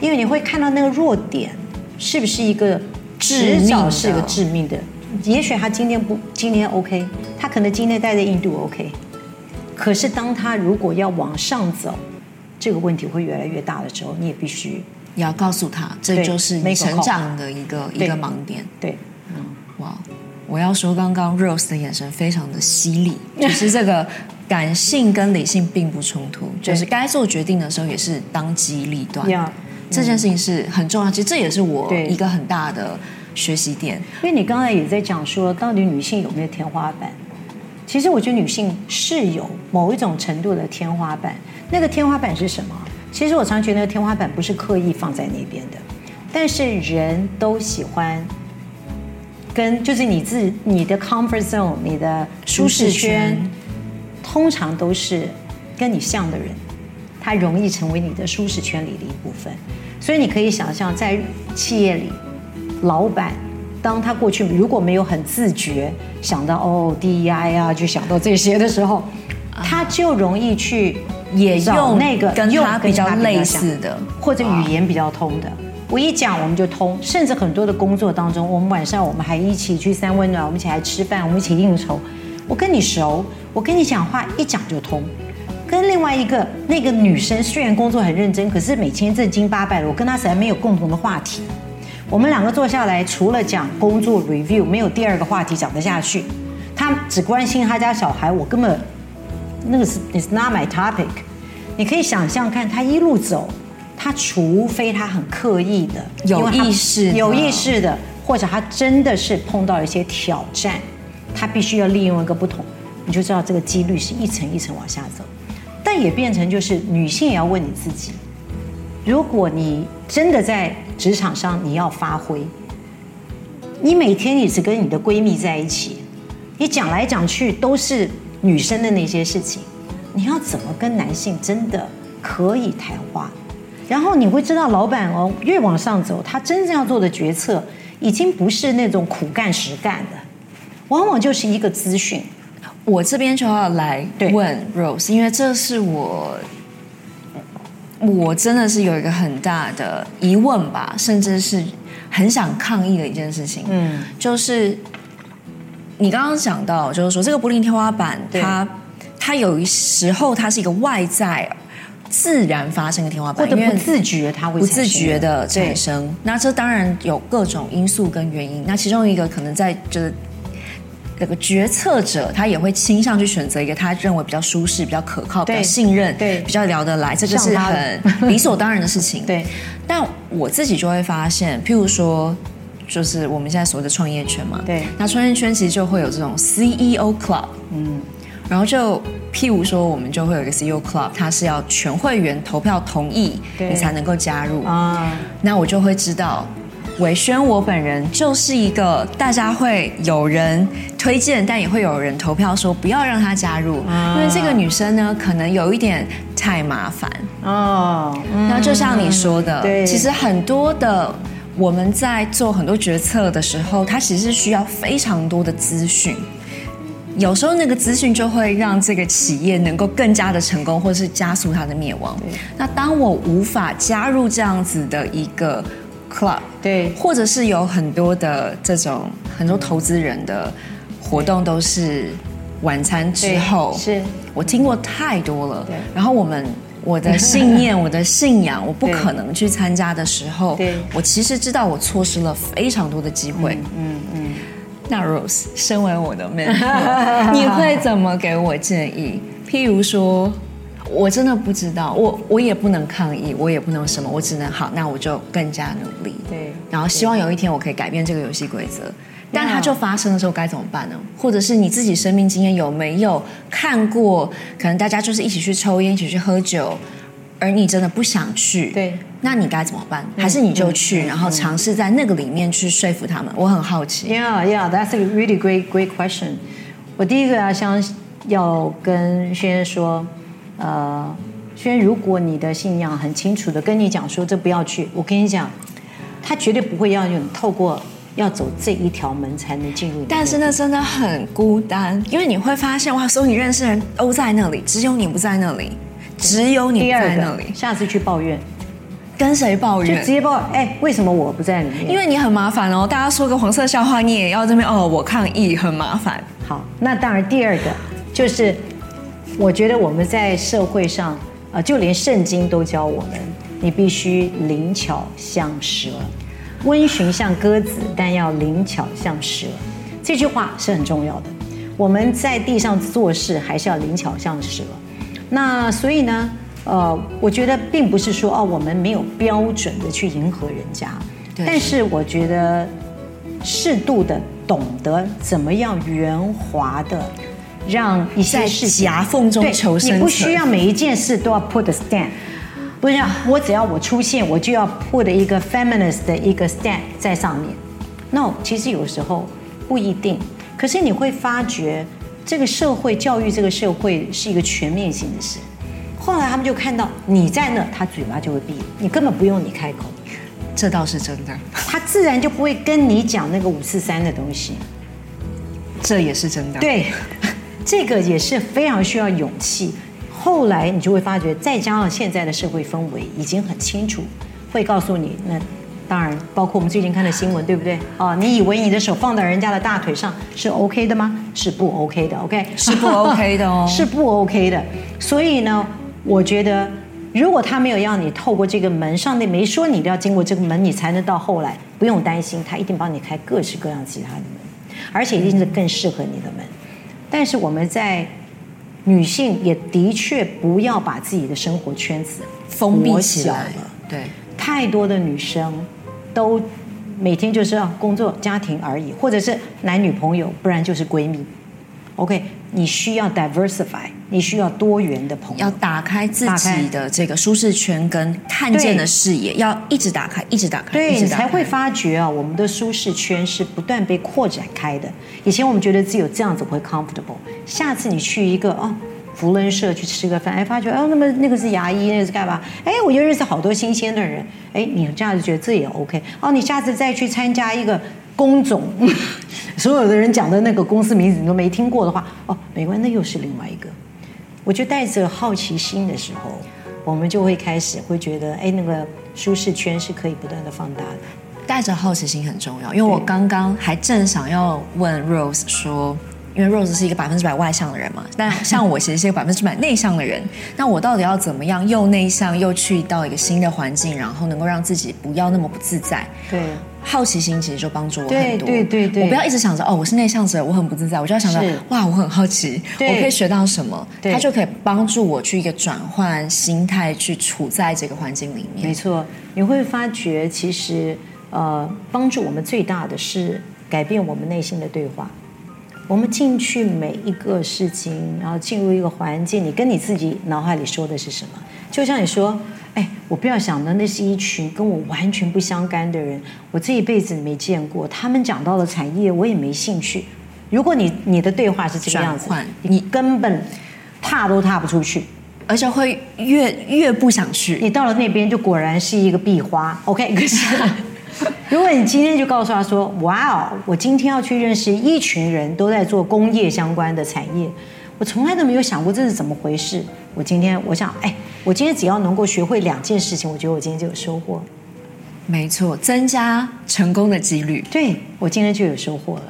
因為你會看到那個弱點是不是一個，致命的？是一個致命的。致命的，也許他今天不，今天 OK，他可能今天待在印度 OK，可是當他如果要往上走，這個問題會越來越大的時候，你也必須你要告訴他，這就是你成長的一個對一個盲點。對，嗯，哇、wow。我要說，剛剛 Rose 的眼神非常的犀利，就是這個感性跟理性並不衝突，就是該做決定的時候也是當機立斷。這件事情是很重要，其實這也是我一個很大的學習點。因為你剛才也在講說，到底女性有沒有天花板？其實我覺得女性是有某一種程度的天花板。那個天花板是什麼？其實我常覺得天花板不是刻意放在那邊的，但是人都喜歡。跟就是你自己，你的 comfort zone，你的舒適圈，適圈通常都是跟你像的人，他容易成為你的舒適圈裡的一部分。所以你可以想象，在企業裡，老板當他過去如果沒有很自覺想到哦，DEI 啊，就想到這些的時候，嗯、他就容易去也用那個用他比較類似的或者語言比較通的。我一講我們就通，甚至很多的工作當中，我們晚上我們還一起去三溫暖，我們一起來吃飯，我們一起應酬。我跟你熟，我跟你講話一講就通。跟另外一個那個女生雖然工作很認真，可是每天正經八百的，我跟她實在沒有共同的話題。我們兩個坐下來，除了講工作 review，沒有第二個話題講得下去。她只關心她家小孩，我根本那個是 it's not my topic。你可以想象看她一路走。他除非他很刻意的有意識有意識的，或者他真的是碰到一些挑戰，他必須要利用一個不同，你就知道這個幾率是一層一層往下走。但也變成就是女性也要問你自己：如果你真的在職場上你要發揮，你每天一直跟你的閨蜜在一起，你講來講去都是女生的那些事情，你要怎麼跟男性真的可以談話？然後你會知道，老闆哦，越往上走，他真正要做的決策，已經不是那種苦幹實幹的，往往就是一個資訊。我這邊就要來問 Rose，對因為這是我，我真的是有一個很大的疑問吧，甚至是很想抗議的一件事情。嗯，就是你剛剛講到，就是說這個玻璃天花板，對它它有時候它是一個外在。自然發生的天花板，或者不自覺他會不自覺的產生。對那這當然有各種因素跟原因。那其中一個可能在就是這個決策者，他也會傾向去選擇一個他認為比較舒適、比較可靠、比較信任、對比較聊得來，對這就是很理所當然的事情。對。但我自己就會發現，譬如說，就是我們現在所謂的創業圈嘛，對。那創業圈其實就會有這種 CEO Club，嗯。然後就譬如說，我們就會有一個 CEO club，它是要全會員投票同意，你才能夠加入。啊，那我就會知道，瑋軒我本人就是一個大家會有人推薦，但也會有人投票說不要讓她加入，因為這個女生呢，可能有一點太麻煩。哦，那就像你說的，其實很多的我們在做很多決策的時候，她其實是需要非常多的資訊。有時候那個資訊就會讓這個企業能夠更加的成功，或是加速它的滅亡。對那當我無法加入這樣子的一個 club，對，或者是有很多的這種很多投資人的活動都是晚餐之後，是我聽過太多了。對然後我們我的信念， <laughs> 我的信仰，我不可能去參加的時候，對對，我其實知道我錯失了非常多的機會。嗯嗯。嗯嗯那 Rose，身為我的妹妹， <laughs> 你會怎麼給我建議？譬如說，我真的不知道，我我也不能抗議，我也不能什麼，我只能好，那我就更加努力。對,對,對，然後希望有一天我可以改變這個遊戲規則。對對對但它就發生的時候該怎麼辦呢？Yeah. 或者是你自己生命經驗有沒有看過？可能大家就是一起去抽菸，一起去喝酒，而你真的不想去。對。那你該怎麼辦？還是你就去，嗯嗯、然後嘗試在那個裡面去說服他們？我很好奇。Yeah, yeah, that's a really great, great question. 我第一個要想要跟軒軒說，呃，軒，如果你的信仰很清楚的跟你講說這不要去，我跟你講，他絕對不會要用透過要走這一條門才能進入。但是那真的很孤單，因為你會發現，哇，所有你認識的人都在那裡，只有你不在那裡，只有你在那裡。下次去抱怨。跟誰抱怨就直接抱怨，哎、欸，為什麼我不在裡面？因為你很麻煩哦，大家說個黃色笑話，你也要這邊哦，我抗議，很麻煩。好，那當然，第二個就是，我覺得我們在社會上，呃，就連聖經都教我們，你必須靈巧像蛇，溫馴像鴿子，但要靈巧像蛇。這句話是很重要的，我們在地上做事還是要靈巧像蛇。那所以呢？呃，我覺得並不是說哦，我們沒有標準的去迎合人家，對但是我覺得適度的懂得怎麼樣圓滑的讓一些事些夾縫中求生存。對，你不需要每一件事都要 put the stand，不是，啊，我只要我出現，我就要 put 一個 feminist 的一個 stand 在上面。No，其實有時候不一定。可是你會發覺，這個社會教育這個社會是一個全面性的事。後來他們就看到你在那，他嘴巴就會閉。你根本不用你開口，這倒是真的。他自然就不會跟你講那個五四三的東西，這也是真的。對，這個也是非常需要勇氣。後來你就會發覺，再加上現在的社會氛圍已經很清楚，會告訴你。那當然，包括我們最近看的新聞，對不對？哦，你以為你的手放在人家的大腿上是 OK 的嗎？是不 OK 的。OK，是不 OK 的哦， <laughs> 是不 OK 的。所以呢？我覺得，如果他沒有要你透過這個門，上帝沒說你都要經過這個門，你才能到後來，不用擔心，他一定幫你開各式各樣其他的門，而且一定是更適合你的門。但是我們在女性也的確不要把自己的生活圈子封閉起來了，對，太多的女生都每天就是要工作、家庭而已，或者是男女朋友，不然就是閨蜜。OK。你需要 diversify，你需要多元的朋友，要打開自己的這個舒適圈跟看見的視野，打開。要一直打開，一直打開，對，你才會發覺啊，我們的舒適圈是不斷被擴展開的。以前我們覺得只有這樣子會 comfortable，下次你去一個哦，扶輪社去吃個飯，哎，發覺哦，那麼那個是牙醫，那個是幹嘛？哎，我就認識好多新鮮的人，哎，你這樣子覺得這也 OK，哦，你下次再去參加一個。工種，呵呵，所有的人講的那個公司名字你都沒聽過的話，哦，沒關係，那又是另外一個。我就帶着好奇心的時候，我們就會開始會覺得，哎，那個舒適圈是可以不斷的放大的。帶着好奇心很重要，因為我剛剛還正想要問 Rose 說。因為 Rose 是一個百分之百外向的人嘛，但像我其實是一個百分之百內向的人。那我到底要怎麼樣，又內向又去到一個新的環境，然後能夠讓自己不要那麼不自在？對，好奇心其實就幫助我很多。對，對對對，我不要一直想着哦，我是內向者，我很不自在。我就要想着是哇，我很好奇，對我可以學到什麼？它就可以幫助我去一個轉換心態，去處在這個環境裡面。沒錯，你會發覺其實呃，幫助我們最大的是改變我們內心的對話。我們進去每一個事情，然後進入一個環境，你跟你自己腦海裡說的是什麼？就像你說，哎，我不要想的那是一群跟我完全不相干的人，我這一輩子沒見過，他們講到的產業我也沒興趣。如果你你的對話是這個樣子，換你根本踏都踏不出去，而且會越越不想去。你到了那邊就果然是一個壁花，OK，good。Okay? <laughs> 如果你今天就告訴他說：“哇哦，我今天要去認識一群人都在做工業相關的產業，我從來都沒有想過這是怎麼回事。”我今天我想，哎，我今天只要能夠學會兩件事情，我覺得我今天就有收穫。沒錯，增加成功的幾率。對，我今天就有收穫了。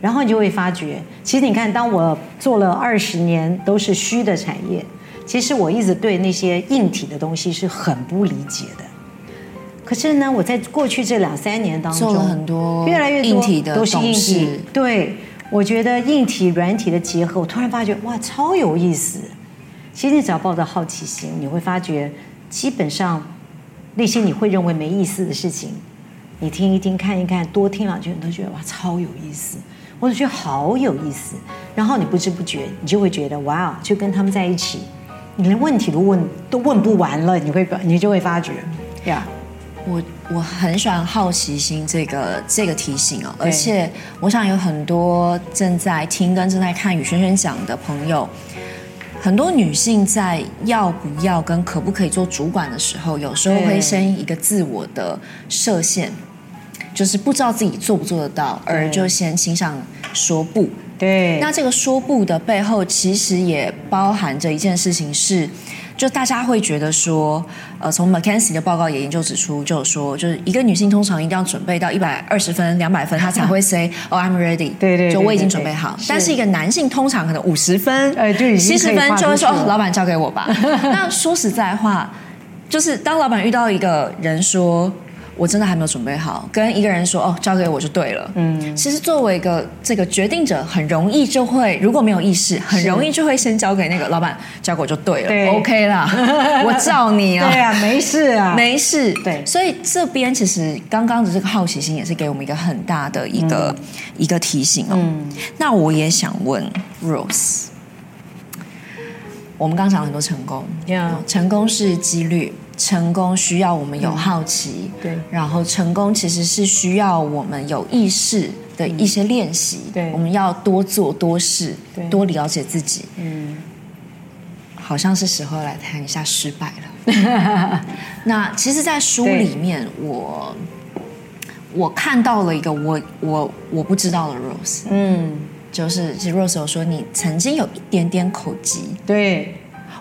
然後你就會發覺，其實你看，當我做了二十年都是虛的產業，其實我一直對那些硬體的東西是很不理解的。可是呢，我在過去這兩三年當中做了很多，越來越多都是硬體。對，我覺得硬體軟體的結合，我突然發覺哇，超有意思。其實你只要抱着好奇心，你會發覺基本上那些你會認為沒意思的事情，你聽一聽、看一看，多聽兩句，你都覺得哇，超有意思。我就覺得好有意思。然後你不知不覺，你就會覺得哇，就跟他們在一起，你連問題都問都問不完了，你會你就會發覺，呀。Yeah. 我我很喜歡好奇心這個這個提醒啊、哦，對而且我想有很多正在聽跟正在看與軒軒講的朋友，很多女性在要不要跟可不可以做主管的時候，有時候會先一個自我的設限，對就是不知道自己做不做得到，對而就先傾向說不。對，那這個說不的背後，其實也包含着一件事情是。就大家會覺得說，呃，從 McKinsey 的報告也研究指出，就是說，就是一個女性通常一定要準備到一百二十分、兩百分，她才會 say，哦、oh，I'm ready，對對，對，對，對對，就我已經準備好。是。但是一個男性通常可能五十分，哎、呃，就已經七十分就會說，哦， <laughs> 老闆交給我吧。那說實在話，就是當老闆遇到一個人說。我真的還沒有準備好，跟一個人說哦，交給我就對了。嗯，其實作為一個這個決定者，很容易就會，如果沒有意識，很容易就會先交給那個老闆，交給我就對了，對，OK 啦， <laughs> 我罩你啊，對啊，沒事啊，沒事。對，所以這邊其實剛剛的這個好奇心也是給我們一個很大的一個、嗯、一個提醒哦。嗯、那我也想問 Rose，我們剛講了很多成功，Yeah. 成功是幾率成功需要我們有好奇，嗯、對，然後成功其實是需要我們有意識的一些練習，嗯、對，我們要多做多試，對多了解自己，嗯，好像是時候來談一下失敗了。 <laughs> <laughs> 那其實，在書裡面我，我對我看到了一個我我我不知道的 Rose，嗯，就是其實 Rose 有說你曾經有一點點口疾，對。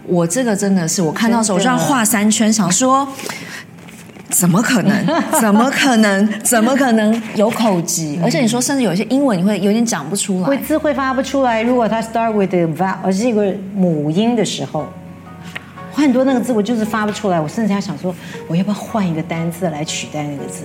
我這個真的是，我看到的時候我就要畫三圈，想說，怎麼可能？怎麼可能？怎麼可能有口吃？而且你說甚至有些英文，你會有點講不出來，會字會發不出來。如果它 start with a vowel，而一個母音的時候，很多那個字我就是發不出來。我甚至還想說，我要不要換一個單字來取代那個字？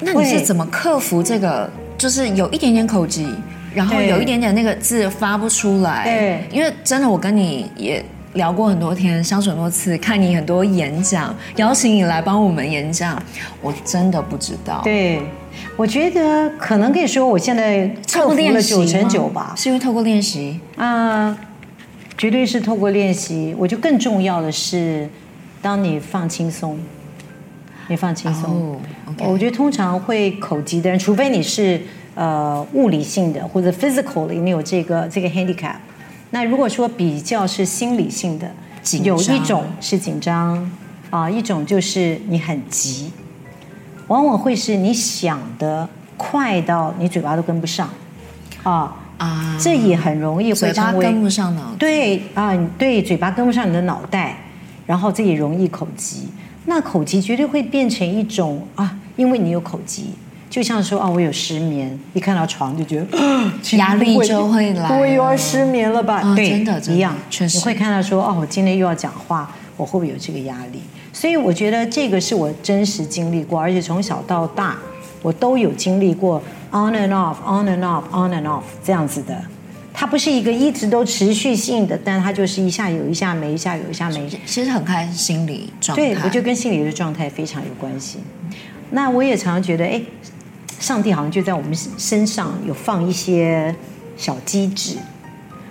那你是怎麼克服這個？對就是有一點點口吃，然後有一點點那個字發不出來。對，對，因為真的，我跟你也。聊過很多天，相處很多次，看你很多演講，邀請你來幫我們演講，我真的不知道。對，我覺得可能可以說我現在克服了九成九吧，是因為透過練習啊、嗯，絕對是透過練習。我覺得更重要的是，當你放輕鬆，你放輕鬆。Oh, okay. 我覺得通常會口吃的人，除非你是呃物理性的或者 physical 的，你有這個這個 handicap。那如果說比較是心理性的，緊張有一種是緊張啊，一種就是你很急，往往會是你想得快到你嘴巴都跟不上啊啊，嗯、這也很容易會成為嘴巴跟不上腦對啊對，嘴巴跟不上你的腦袋，然後這也容易口急，那口急絕對會變成一種啊，因為你有口急。就像說啊、哦，我有失眠，一看到床就覺得、啊、會壓力就會來，我又要失眠了吧？嗯、對，真，真的，一樣，確實，你會看到說哦，我今天又要講話，我會不會有這個壓力？所以我覺得這個是我真實經歷過，而且從小到大我都有經歷過 on and off，on and off，on and off 這樣子的。它不是一個一直都持續性的，但它就是一下有一下沒，一下有一下沒，其實很看心理狀態對。我就跟心理的狀態非常有關係。嗯、那我也常常覺得，哎。上帝好像就在我們身上有放一些小機制，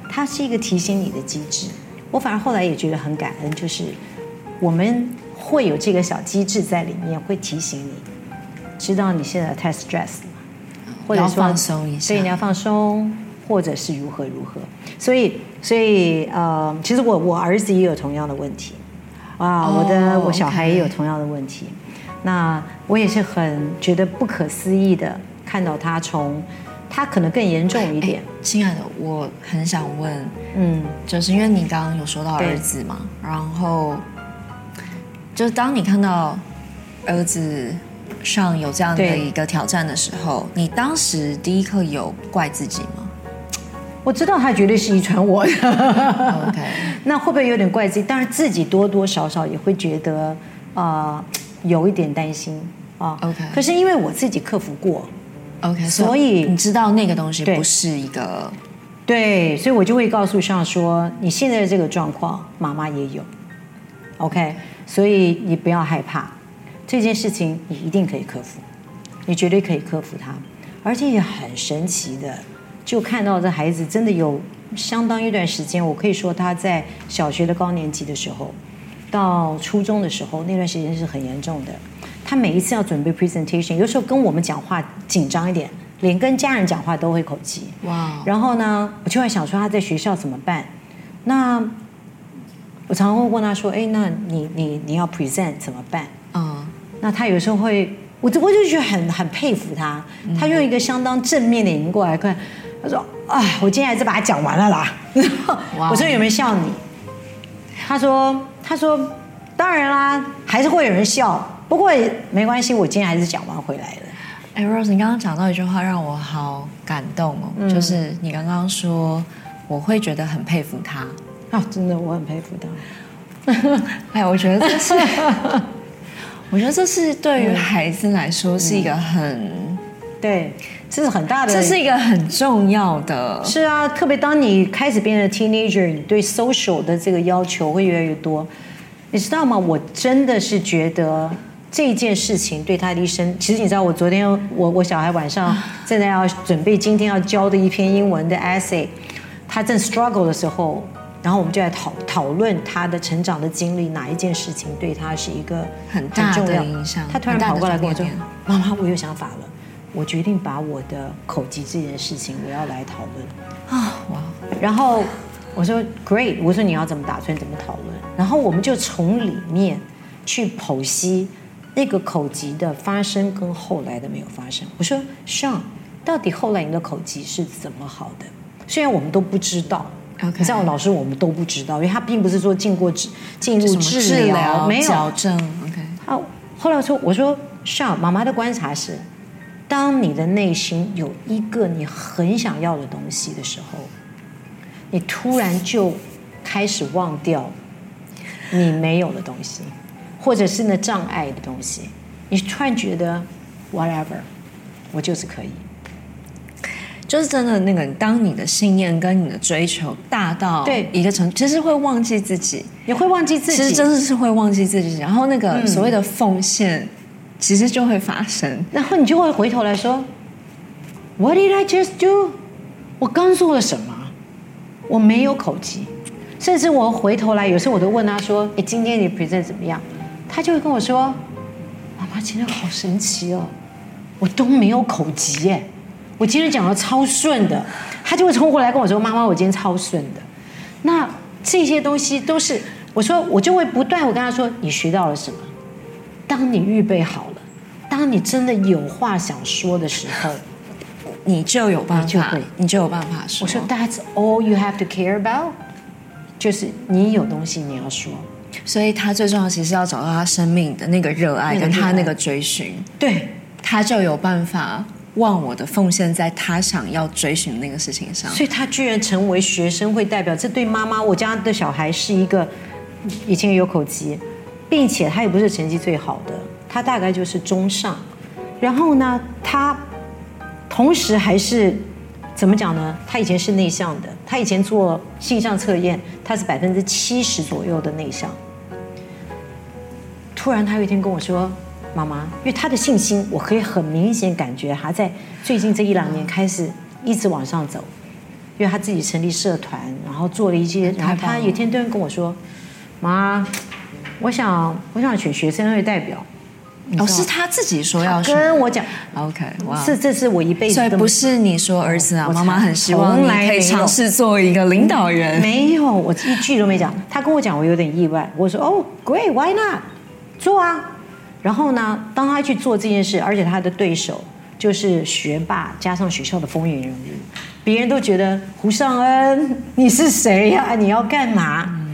它是一個提醒你的機制。我反而後來也覺得很感恩，就是我們會有這個小機制在裡面，會提醒你，知道你現在太 stress 了，或者說，放鬆一下，所以你要放鬆，或者是如何如何。所以，所以呃，其實我我兒子也有同樣的問題，啊，我的，oh, okay. 我小孩也有同樣的問題。那我也是很覺得不可思議的，看到他從，他可能更嚴重一點，哎哎。親愛的，我很想問，嗯，就是因為你剛剛有說到兒子嘛，對然後，就是當你看到兒子上有這樣的一個挑戰的時候，對你當時第一刻有怪自己嗎？我知道他絕對是遺傳我的。 <laughs> OK，那會不會有點怪自己？但是自己多多少少也會覺得啊。呃有一點擔心啊，哦，OK。可是因為我自己克服過，OK，so 所以你知道那個東西不是一個，對，對，所以我就會告訴上說，你現在的這個狀況，媽媽也有，OK，所以你不要害怕，這件事情你一定可以克服，你絕對可以克服它，而且也很神奇的，就看到這孩子真的有相當一段時間，我可以說他在小學的高年級的時候。到初中的時候，那段時間是很嚴重的。他每一次要準備 presentation，有時候跟我們講話緊張一點，連跟家人講話都會口吃。哇！Wow. 然後呢，我就會想說他在學校怎麼辦？那我常常會問他說：“哎，那你你你要 present 怎麼辦？”啊！Uh. 那他有時候會，我我就覺得很很佩服他。Mm hmm. 他用一個相當正面的迎過來看，看他說：“啊，我今天還是把它講完了啦。 <laughs> ” Wow. 我說：“有沒有笑你？”他說。他說：“當然啦，還是會有人笑，不過沒關係，我今天還是講完回來了哎、欸、Rose，你剛剛講到一句話讓我好感動哦，嗯、就是你剛剛說我會覺得很佩服他哦，真的，我很佩服他。哎、 <laughs> 欸，我覺得這是， <laughs> 我覺得這是對於孩子來說是一個很、嗯嗯、對。這是很大的，這是一個很重要的。是啊，特別當你開始變成 teenager，你對 social 的這個要求會越來越多。你知道嗎？我真的是覺得這件事情對他的一生，其實，其實你知道，我昨天我我小孩晚上正在要準備今天要交的一篇英文的 essay，、啊、他正 struggle 的時候，然後我們就來討討論他的成長的經歷，哪一件事情對他是一個很，重要很大的影響。他突然跑過來跟我說：“媽媽，我有想法了。”我決定把我的口吃這件事情，我要來討論啊！哇！Oh, wow. 然後我說 Great，我說你要怎麼打算，怎麼討論？然後我們就從裡面去剖析那個口吃的發生跟後來的沒有發生。我說 Sean，到底後來你的口吃是怎麼好的？雖然我們都不知道，OK？你知道老師我們都不知道，因為他並不是說經過,經過治進入治療矯正，OK？好，後,後來我說我說 Sean，媽媽的觀察是。當你的內心有一個你很想要的東西的時候，你突然就開始忘掉你沒有的東西，或者是那障礙的東西，你突然覺得 whatever，我就是可以，就是真的那個。當你的信念跟你的追求大到對一個程度，對其實會忘記自己，你會忘記自己，其實真的是會忘記自己。然後那個所謂的奉獻。嗯其實就會發生，然後你就會回頭來說，What did I just do？我剛做了什麼？我沒有口吃，甚至我回頭來，有時候我都問他說：“哎，今天你 present 怎麼樣？”他就會跟我說：“媽媽，今天好神奇哦，我都沒有口吃耶，我今天講得超順的。”他就會衝過來跟我說：“媽媽，我今天超順的。”那這些東西都是我說，我就會不斷我跟他說：“你學到了什麼？”當你預備好了，當你真的有話想說的時候，你就有辦法。你就會，你就有辦法說。我說 That's all you have to care about，就是你有東西你要說。所以他最重要其實是要找到他生命的那個熱愛，跟他那個追尋。對，他就有辦法忘我的奉獻在他想要追尋那個事情上。所以他居然成為學生會代表，這對媽媽，我家的小孩是一個，已經有口疾。並且他也不是成績最好的，他大概就是中上。然後呢，他同時還是怎麼講呢？他以前是內向的，他以前做性向測驗，他是百分之七十左右的內向。突然，他有一天跟我說：“媽媽，因為他的信心，我可以很明顯感覺他在最近這一兩年開始一直往上走，因為他自己成立社團，然後做了一些……然後他他有一天突然跟我說，媽。”我想，我想選學生會代表。老師、哦、他自己說要跟我講，OK，哇 wow，是這是我一輩子，所以不是你說兒子啊，oh, 媽媽很希望你可以嘗試做一個領導人。沒有,沒有，我一句都沒講。 <laughs> 他跟我講，我有點意外。我說，哦、oh,，Great，Why not？做啊！然後呢，當他去做這件事，而且他的對手就是學霸加上學校的風雲人物，別人都覺得胡尚恩你是誰呀、啊？你要幹嘛？嗯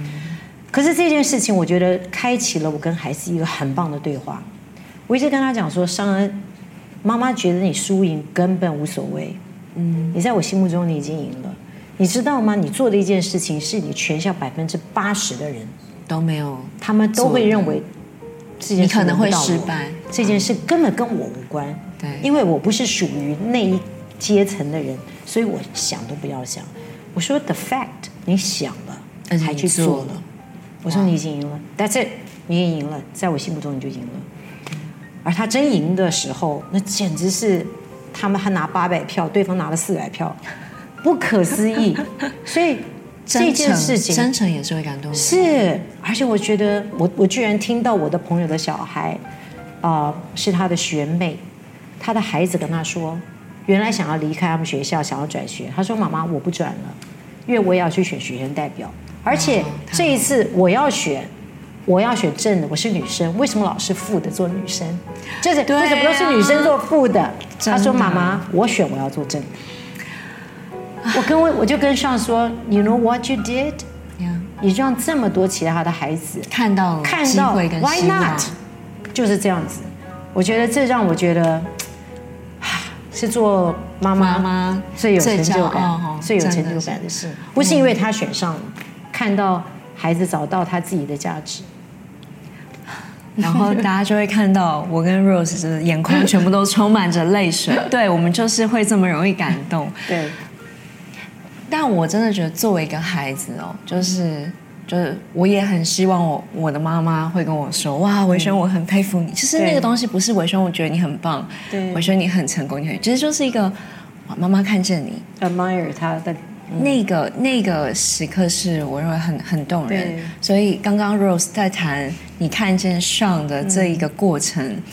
可是這件事情，我覺得開啟了我跟孩子一個很棒的對話。我一直跟他講說：“商恩，媽媽覺得你輸贏根本無所謂，嗯，你在我心目中你已經贏了，你知道嗎？你做的一件事情是你全校百分之八十的人都沒有，他們都會認為，你可能會失敗，這件事根本跟我無關，對，因為我不是屬於那一階層的人，所以我想都不要想。我說 The fact，你想了，還去做了。”我說你已經贏了，Wow 但是你也贏了，在我心目中你就贏了。嗯、而他真贏的時候，那簡直是他們還拿八百票，對方拿了四百票，不可思議。 <laughs> 所以這件事情真，真誠也是會感動的。是，而且我覺得我，我我居然聽到我的朋友的小孩，啊、呃，是他的學妹，他的孩子跟他說，原來想要離開他們學校，想要轉學。他說：“媽媽，我不轉了，因為我也要去選學生代表。”而且這一次我要選，我要選正的。我是女生，為什麼老是負的做女生，就是為什麼都是女生做負的？他說：“媽媽，我選我要做正的。”我跟我我就跟上說：“You know what you did？你讓這麼多其他的孩子看到看到 Why not？就是這樣子。我覺得這讓我覺得是做媽媽最有成就感、最有成就感的事。不是因為他選上了。看到孩子找到他自己的價值， <laughs> 然後大家就會看到我跟 Rose 的眼眶全部都充滿着淚水。 <laughs> 對，我們就是會這麼容易感動。對，但我真的覺得作為一個孩子哦，就是、嗯、就是，我也很希望我我的媽媽會跟我說：“嗯、哇，瑋軒，我很佩服你。”其實那個東西不是瑋軒，我覺得你很棒，瑋軒對你很成功，你很……其、就、實、是、就是一個媽媽看見你，admire 他的。那個那個時刻是我認為很很動人，對所以剛剛 Rose 在談你看見上的這一個過程，嗯、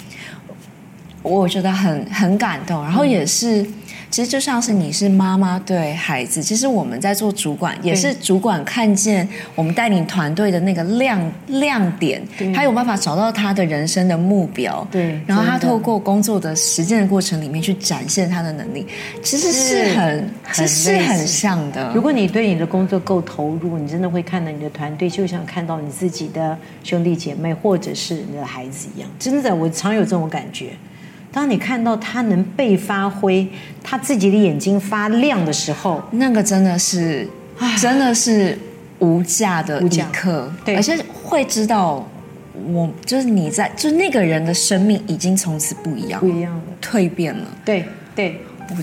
我覺得很很感動，然後也是。其實就像是你是媽媽對孩子，其實我們在做主管對也是主管看見我們帶領團隊的那個亮亮點，對還有辦法找到他的人生的目標。對，然後他透過工作的實踐的過程裡面去展現他的能力，其實是很這是，是很像的很。如果你對你的工作夠投入，你真的會看到你的團隊就像看到你自己的兄弟姐妹或者是你的孩子一樣。真的，我常有這種感覺。嗯當你看到他能被發揮，他自己的眼睛發亮的時候，那個真的是，真的是無價的一刻。對，而且會知道我，我就是你在，就是那個人的生命已經從此不一樣，不一樣了，蛻變了。對對，對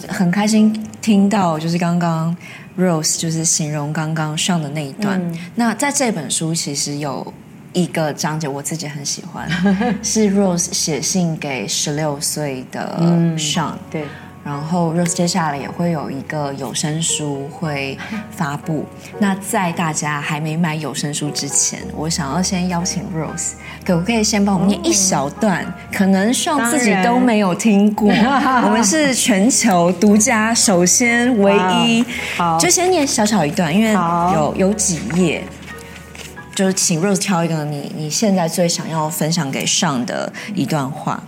我很開心聽到，就是剛剛 Rose 就是形容剛剛上的那一段。嗯，那在這本書其實有。一個章節我自己很喜歡，是 Rose 寫信給十六歲的 Sean。嗯、對，然後 Rose 接下來也會有一個有聲書會發布。那在大家還沒買有聲書之前，我想要先邀請 Rose，可不可以先幫我們念一小段？嗯、可能 Sean 自己都沒有聽過。然我們是全球獨家，首先唯一，就先念小小一段，因為有好有幾頁。就是請 Rose 挑一個你你現在最想要分享給上的一段話。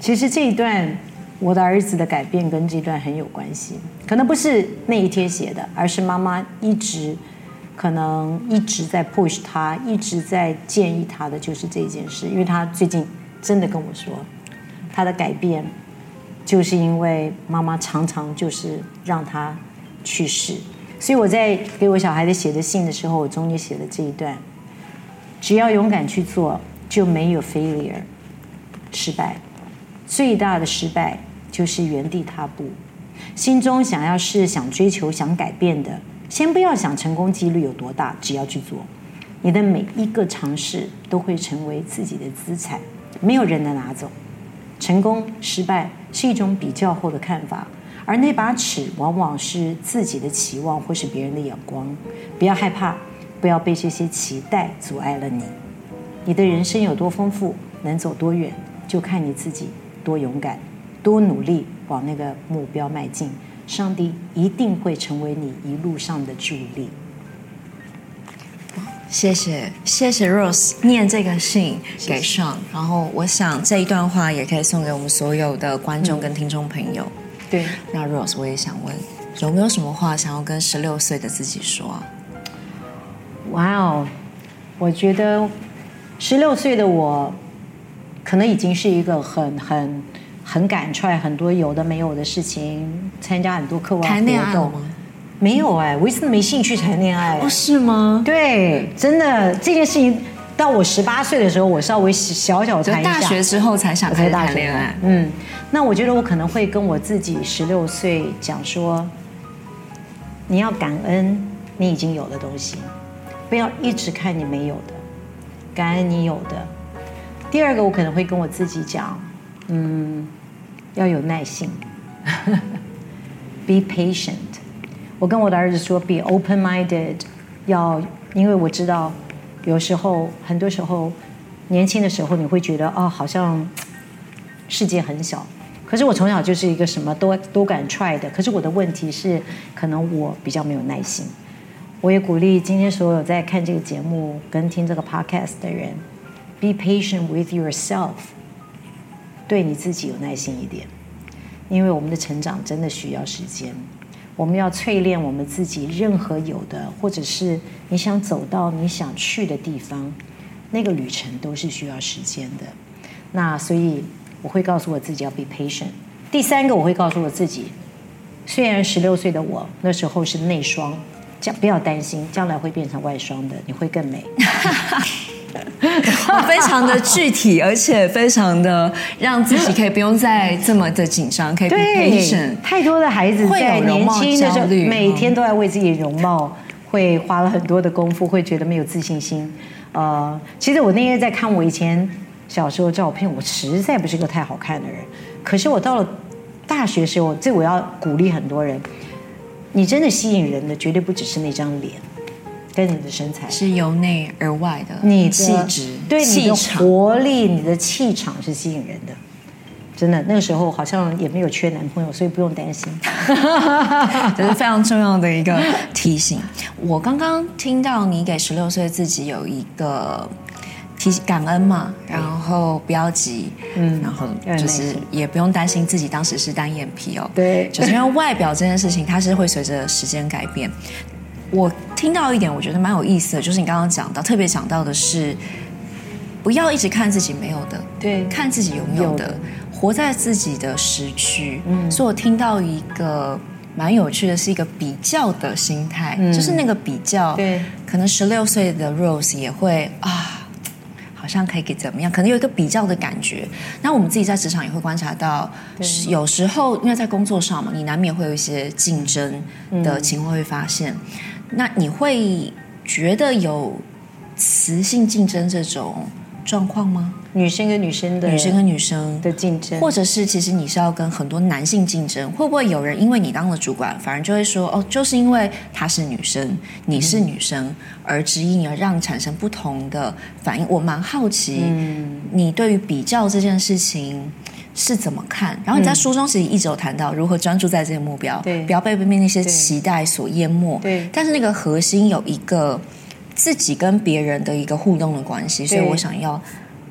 其實這一段我的兒子的改變跟這一段很有關係，可能不是那一天寫的，而是媽媽一直可能一直在 push 他，一直在建議他的就是這件事，因為他最近真的跟我說，他的改變就是因為媽媽常常就是讓他去試。所以我在給我小孩子寫的信的時候，我終於寫了這一段：只要勇敢去做，就沒有 failure 失敗。最大的失敗就是原地踏步。心中想要是想追求、想改變的，先不要想成功幾率有多大，只要去做。你的每一個嘗試都會成為自己的資產，沒有人能拿走。成功、失敗是一種比較後的看法。而那把尺往往是自己的期望或是別人的眼光，不要害怕，不要被這些期待阻礙了你。你的人生有多豐富，能走多遠，就看你自己多勇敢、多努力往那個目標邁進。上帝一定會成為你一路上的助力。謝謝，謝謝 Rose 念這個信給上，謝謝，然後我想這一段話也可以送給我們所有的觀眾跟聽眾朋友。對，那 Rose，我也想問，有沒有什麼話想要跟十六歲的自己說啊？哇哦，我覺得十六歲的我，可能已經是一個很很很敢踹很多有的沒有的事情，參加很多課外活動嗎？沒有哎，我一直都沒興趣談戀愛的。哦，是嗎？對，真的，這件事情。到我十八歲的時候，我稍微小小談一下，大學之後才想開始談戀愛。嗯，那我覺得我可能會跟我自己十六歲講說：“你要感恩你已經有的東西，不要一直看你沒有的，感恩你有的。”第二個，我可能會跟我自己講：“嗯，要有耐心 <laughs> ，Be patient。”我跟我的兒子說：“Be open-minded。Minded, 要”要因為我知道。有時候，很多時候，年輕的時候你會覺得哦，好像世界很小。可是我從小就是一個什麼都都敢 try 的。可是我的問題是，可能我比較沒有耐心。我也鼓勵今天所有在看這個節目跟聽這個 podcast 的人，Be patient with yourself，對你自己有耐心一點，因為我們的成長真的需要時間。我們要淬煉我們自己，任何有的，或者是你想走到你想去的地方，那個旅程都是需要時間的。那所以我會告訴我自己要 be patient。第三個我會告訴我自己，雖然十六歲的我那時候是內雙，將不要擔心將來會變成外雙的，你會更美。 <laughs> <laughs> 非常的具體，而且非常的讓自己可以不用再這麼的緊張，可以 <laughs> 對，太太多的孩子在年輕的時候，每天都在為自己的容貌會花了很多的功夫，會覺得沒有自信心。呃，其實我那天在看我以前小時候照片，我實在不是個太好看的人。可是我到了大學時候，這我最要鼓勵很多人，你真的吸引人的，絕對不只是那張臉。跟你的身材，是由內而外的，你的氣質對你的活力，氣場哦、你的氣場是吸引人的，真的。那個時候好像也沒有缺男朋友，所以不用擔心。這 <laughs> 是非常重要的一個提醒。我剛剛聽到你給十六歲自己有一個提感恩嘛，然後不要急，嗯，然後就是也不用擔心自己當時是單眼皮哦，對，就是因為外表這件事情，它是會隨着時間改變。我聽到一點，我覺得蠻有意思的，就是你剛剛講到，特別講到的是，不要一直看自己沒有的，對，看自己有沒有的，有的活在自己的時區。嗯，所以我聽到一個蠻有趣的，是一個比較的心態，嗯、就是那個比較，對，可能十六歲的 Rose 也會啊，好像可以給怎麼樣，可能有一個比較的感覺。那我們自己在職場也會觀察到，對有時候因為在工作上嘛，你難免會有一些競爭的情況，會發現。嗯那你會覺得有雌性競爭這種狀況嗎？女生跟女生的，女生跟女生的競爭，或者是其實你是要跟很多男性競爭？會不會有人因為你當了主管，反而就會說哦，就是因為她是女生，嗯，你是女生而質疑你，而你而讓產生不同的反應？我蠻好奇，嗯，你對於比較這件事情。是怎麼看？然後你在書中其實一直有談到如何專注在這些目標，嗯、對，不要被那些期待所淹沒。對，對，但是那個核心有一個自己跟別人的一個互動的關係，對所以我想要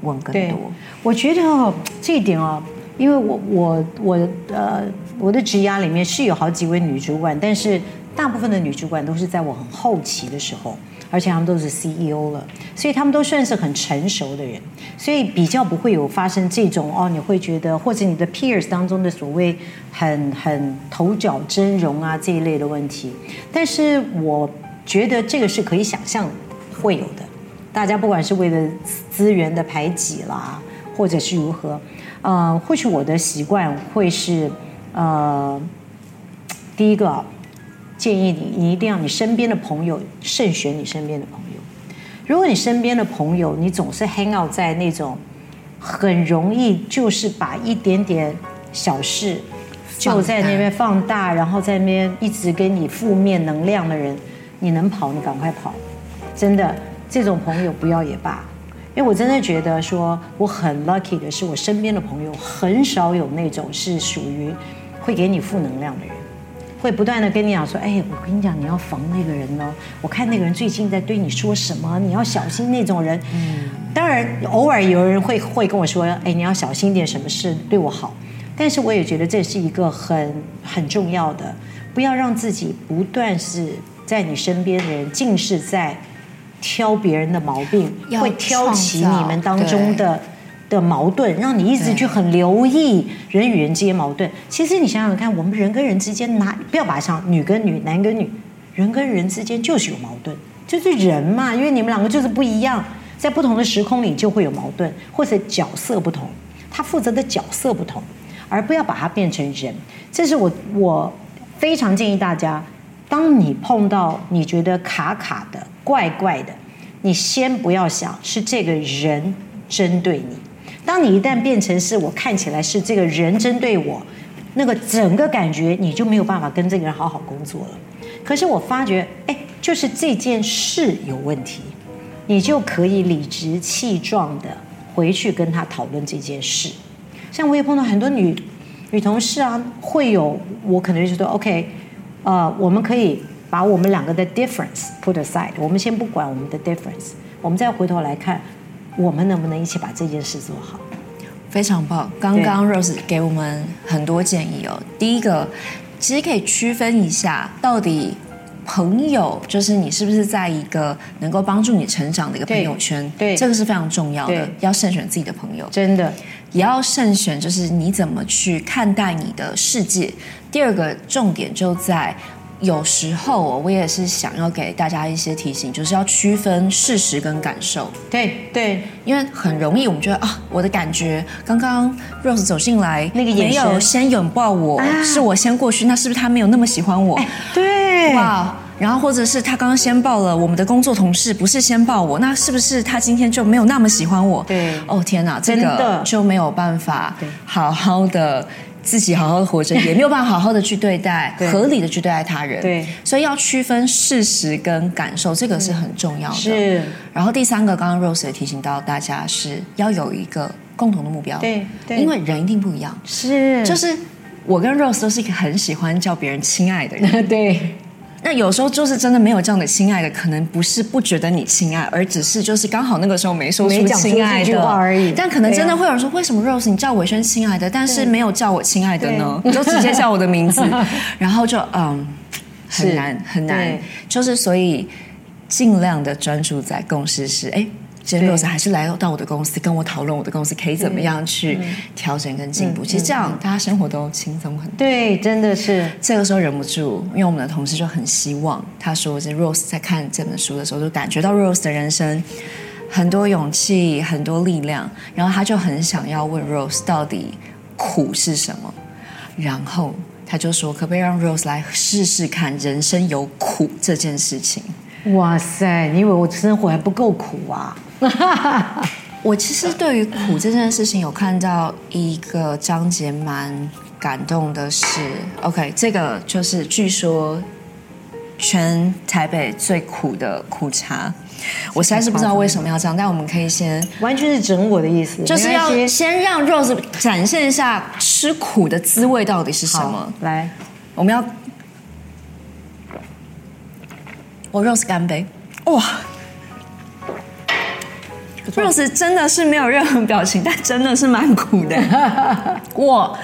問更多。我覺得、哦、這一點哦，因為我我我呃，我的職涯裡面是有好幾位女主管，但是大部分的女主管都是在我很後期的時候。而且他們都是 CEO 了，所以他們都算是很成熟的人，所以比較不會有發生這種哦，你會覺得或者你的 peers 當中的所謂很很頭角崢嶸啊這一類的問題。但是我覺得這個是可以想象會有的，大家不管是為了資源的排擠啦，或者是如何，呃，或許我的習慣會是呃，第一個。建議你，你一定要你身邊的朋友慎選。你身邊的朋友，如果你身邊的朋友你總是 hang out 在那種很容易就是把一點點小事就在那邊放大，然後在那邊一直給你負面能量的人，你能跑你趕快跑，真的這種朋友不要也罷。因為我真的覺得說我很 lucky 的是我身邊的朋友很少有那種是屬於會給你負能量的人。會不斷地跟你講說，哎，我跟你講，你要防那個人嘍、哦。我看那個人最近在對你說什麼，你要小心那種人。嗯，當然偶爾有人會會跟我說，哎，你要小心點什麼事對我好。但是我也覺得這是一個很很重要的，不要讓自己不斷是在你身邊的人盡是在挑別人的毛病，會挑起你們當中的的矛盾，讓你一直去很留意人與人之間矛盾。對其實你想想看，我們人跟人之間哪，拿不要把它想女跟女、男跟女、人跟人之間就是有矛盾，就是人嘛。因為你們兩個就是不一樣，在不同的時空裡就會有矛盾，或者角色不同，他負責的角色不同，而不要把它變成人。這是我我非常建議大家，當你碰到你覺得卡卡的、怪怪的，你先不要想是這個人針對你。當你一旦變成是我看起來是這個人針對我，那個整個感覺你就沒有辦法跟這個人好好工作了。可是我發覺，哎，就是這件事有問題，你就可以理直氣壯地回去跟他討論這件事。像我也碰到很多女女同事啊，會有我可能就說，OK，呃，我們可以把我們兩個的 difference put aside，我們先不管我們的 difference，我們再回頭來看。我們能不能一起把這件事做好？非常棒！剛剛 Rose 給我們很多建議哦。第一個，其實可以區分一下，到底朋友就是你是不是在一個能夠幫助你成長的一個朋友圈，對，這個是非常重要的，對要慎選自己的朋友，真的也要慎選，就是你怎麼去看待你的世界。第二個重點就在。有時候我也是想要給大家一些提醒，就是要區分事實跟感受。對對，因為很容易我們覺得啊，我的感覺剛剛 Rose 走進來，那個沒有先擁抱我，是我先過去，那是不是他沒有那麼喜歡我？對，啊，然後或者是他剛剛先抱了我們的工作同事，不是先抱我，那是不是他今天就沒有那麼喜歡我？對，哦天哪，這個就沒有辦法好好的。自己好好的活着，也沒有辦法好好的去對待， <laughs> 對，合理的去對待他人。對，所以要區分事實跟感受，這個是很重要的。是。然後第三個，剛剛 Rose 也提醒到大家是，是要有一個共同的目標。對，對因為人一定不一樣。是對，就是我跟 Rose 都是一個很喜歡叫別人,人“親愛的”人。對。那有時候就是真的沒有這樣的“親愛的”，可能不是不覺得你“親愛”，而只是就是剛好那個時候沒說出“親愛的”而已。但可能真的會有人說：“啊、為什麼 Rose，你叫我一聲‘親愛的’，但是沒有叫我‘親愛的’呢？你對就直接叫我的名字， <laughs> 然後就嗯，很難很難。”就是所以盡量的專注在共識是，哎。今天 Rose 還是來到我的公司，跟我討論我的公司可以怎麼樣去調整跟進步。其實這樣大家生活都輕鬆很多。對，真的是。這個時候忍不住，因為我們的同事就很希望，他說，這 Rose 在看這本書的時候，就感覺到 Rose 的人生很多勇氣、很多力量。然後他就很想要問 Rose 到底苦是什麼，然後他就說，可不可以讓 Rose 來試試看人生有苦這件事情？哇塞！你以為我生活還不夠苦啊？ <laughs> 我其實對於苦這件事情有看到一個章節蠻感動的是，是 OK，這個就是據說全台北最苦的苦茶，我實在是不知道為什麼要這樣，但我們可以先完全是整我的意思，就是要先讓 Rose 展現一下吃苦的滋味到底是什麼。來，我們要。我 ROSE 乾杯，哇！ROSE 真的是沒有任何表情，但真的是蠻苦的。 <laughs> 哇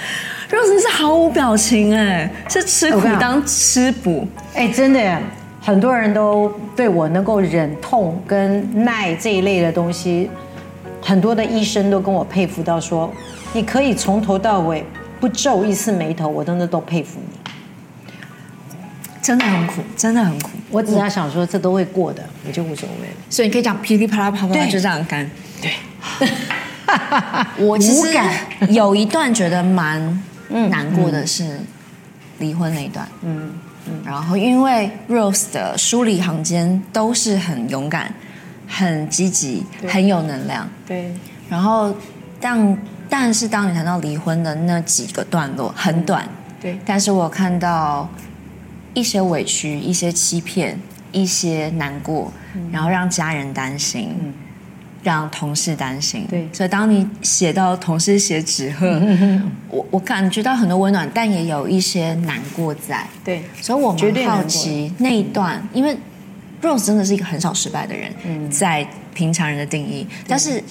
，ROSE 是毫無表情誒，是吃苦當吃補誒，真的誒，很多人都對我能夠忍痛跟耐這一類的東西，很多的醫生都跟我佩服到說，你可以從頭到尾不皺一次眉頭，我真的都佩服你。真的很苦，真的很苦。我只要想說，這都會過的，我就無所謂了。所以你可以講噼里啪啦啪啪，對就這樣幹。對， <laughs> 我其實有一段覺得蠻難過的是離婚那一段。嗯嗯。嗯然後，因為 Rose 的字裡行間都是很勇敢、很積極、對很有能量。對。對然後，但但是當你談到離婚的那幾個段落，很短。對。對但是我看到，一些委屈，一些欺騙，一些難過，然後讓家人擔心，讓同事擔心。對，所以當你寫到同事寫紙鶴，我我感覺到很多溫暖，但也有一些難過在。對，所以我蠻好奇那一段，因為 Rose 真的是一個很少失敗的人，在平常人的定義，但是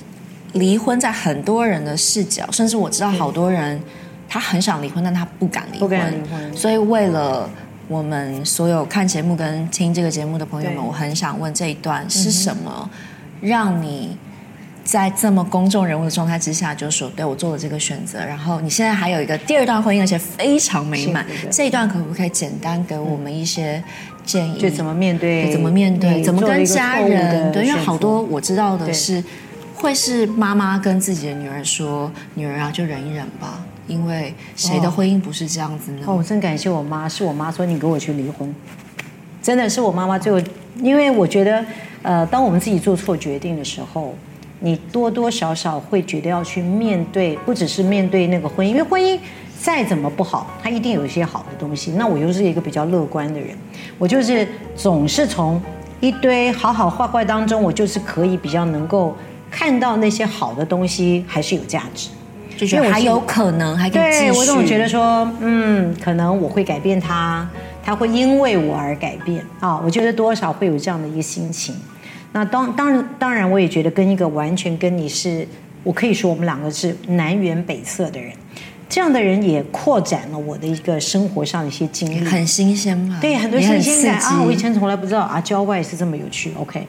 離婚在很多人的視角，甚至我知道好多人他很想離婚，但他不敢離婚，所以為了。我們所有看節目跟聽這個節目的朋友們，對我很想問這一段是什麼，讓你在這麼公眾人物的狀態之下，就是說，對我做了這個選擇，然後你現在還有一個第二段婚姻，而且非常美滿，是是這一段可不可以簡單給我們一些建議？嗯、就怎麼面對？怎麼面對？怎麼跟家人？對，因為好多我知道的是，會是媽媽跟自己的女兒說：“對女兒啊，就忍一忍吧。”因為誰的婚姻不是這樣子呢？哦，我、哦、真感謝我媽，是我媽說你給我去離婚，真的是我媽媽最後，因為我覺得，呃，當我們自己做錯決定的時候，你多多少少會覺得要去面對，不只是面對那個婚姻，因為婚姻再怎麼不好，它一定有一些好的東西。那我又是一個比較樂觀的人，我就是總是從一堆好好壞壞當中，我就是可以比較能夠看到那些好的東西，還是有價值。就覺得還有可能還可以繼續,對我總覺得說，嗯，可能我會改變他，他會因為我而改變啊、哦。我覺得多少會有這樣的一個心情。那當當然，當然，我也覺得跟一個完全跟你是，我可以說我們兩個是南轅北轍的人，這樣的人也擴展了我的一個生活上的一些經歷，很新鮮嘛，對，很多新鮮感啊，我以前從來不知道啊，郊外是這麼有趣。OK，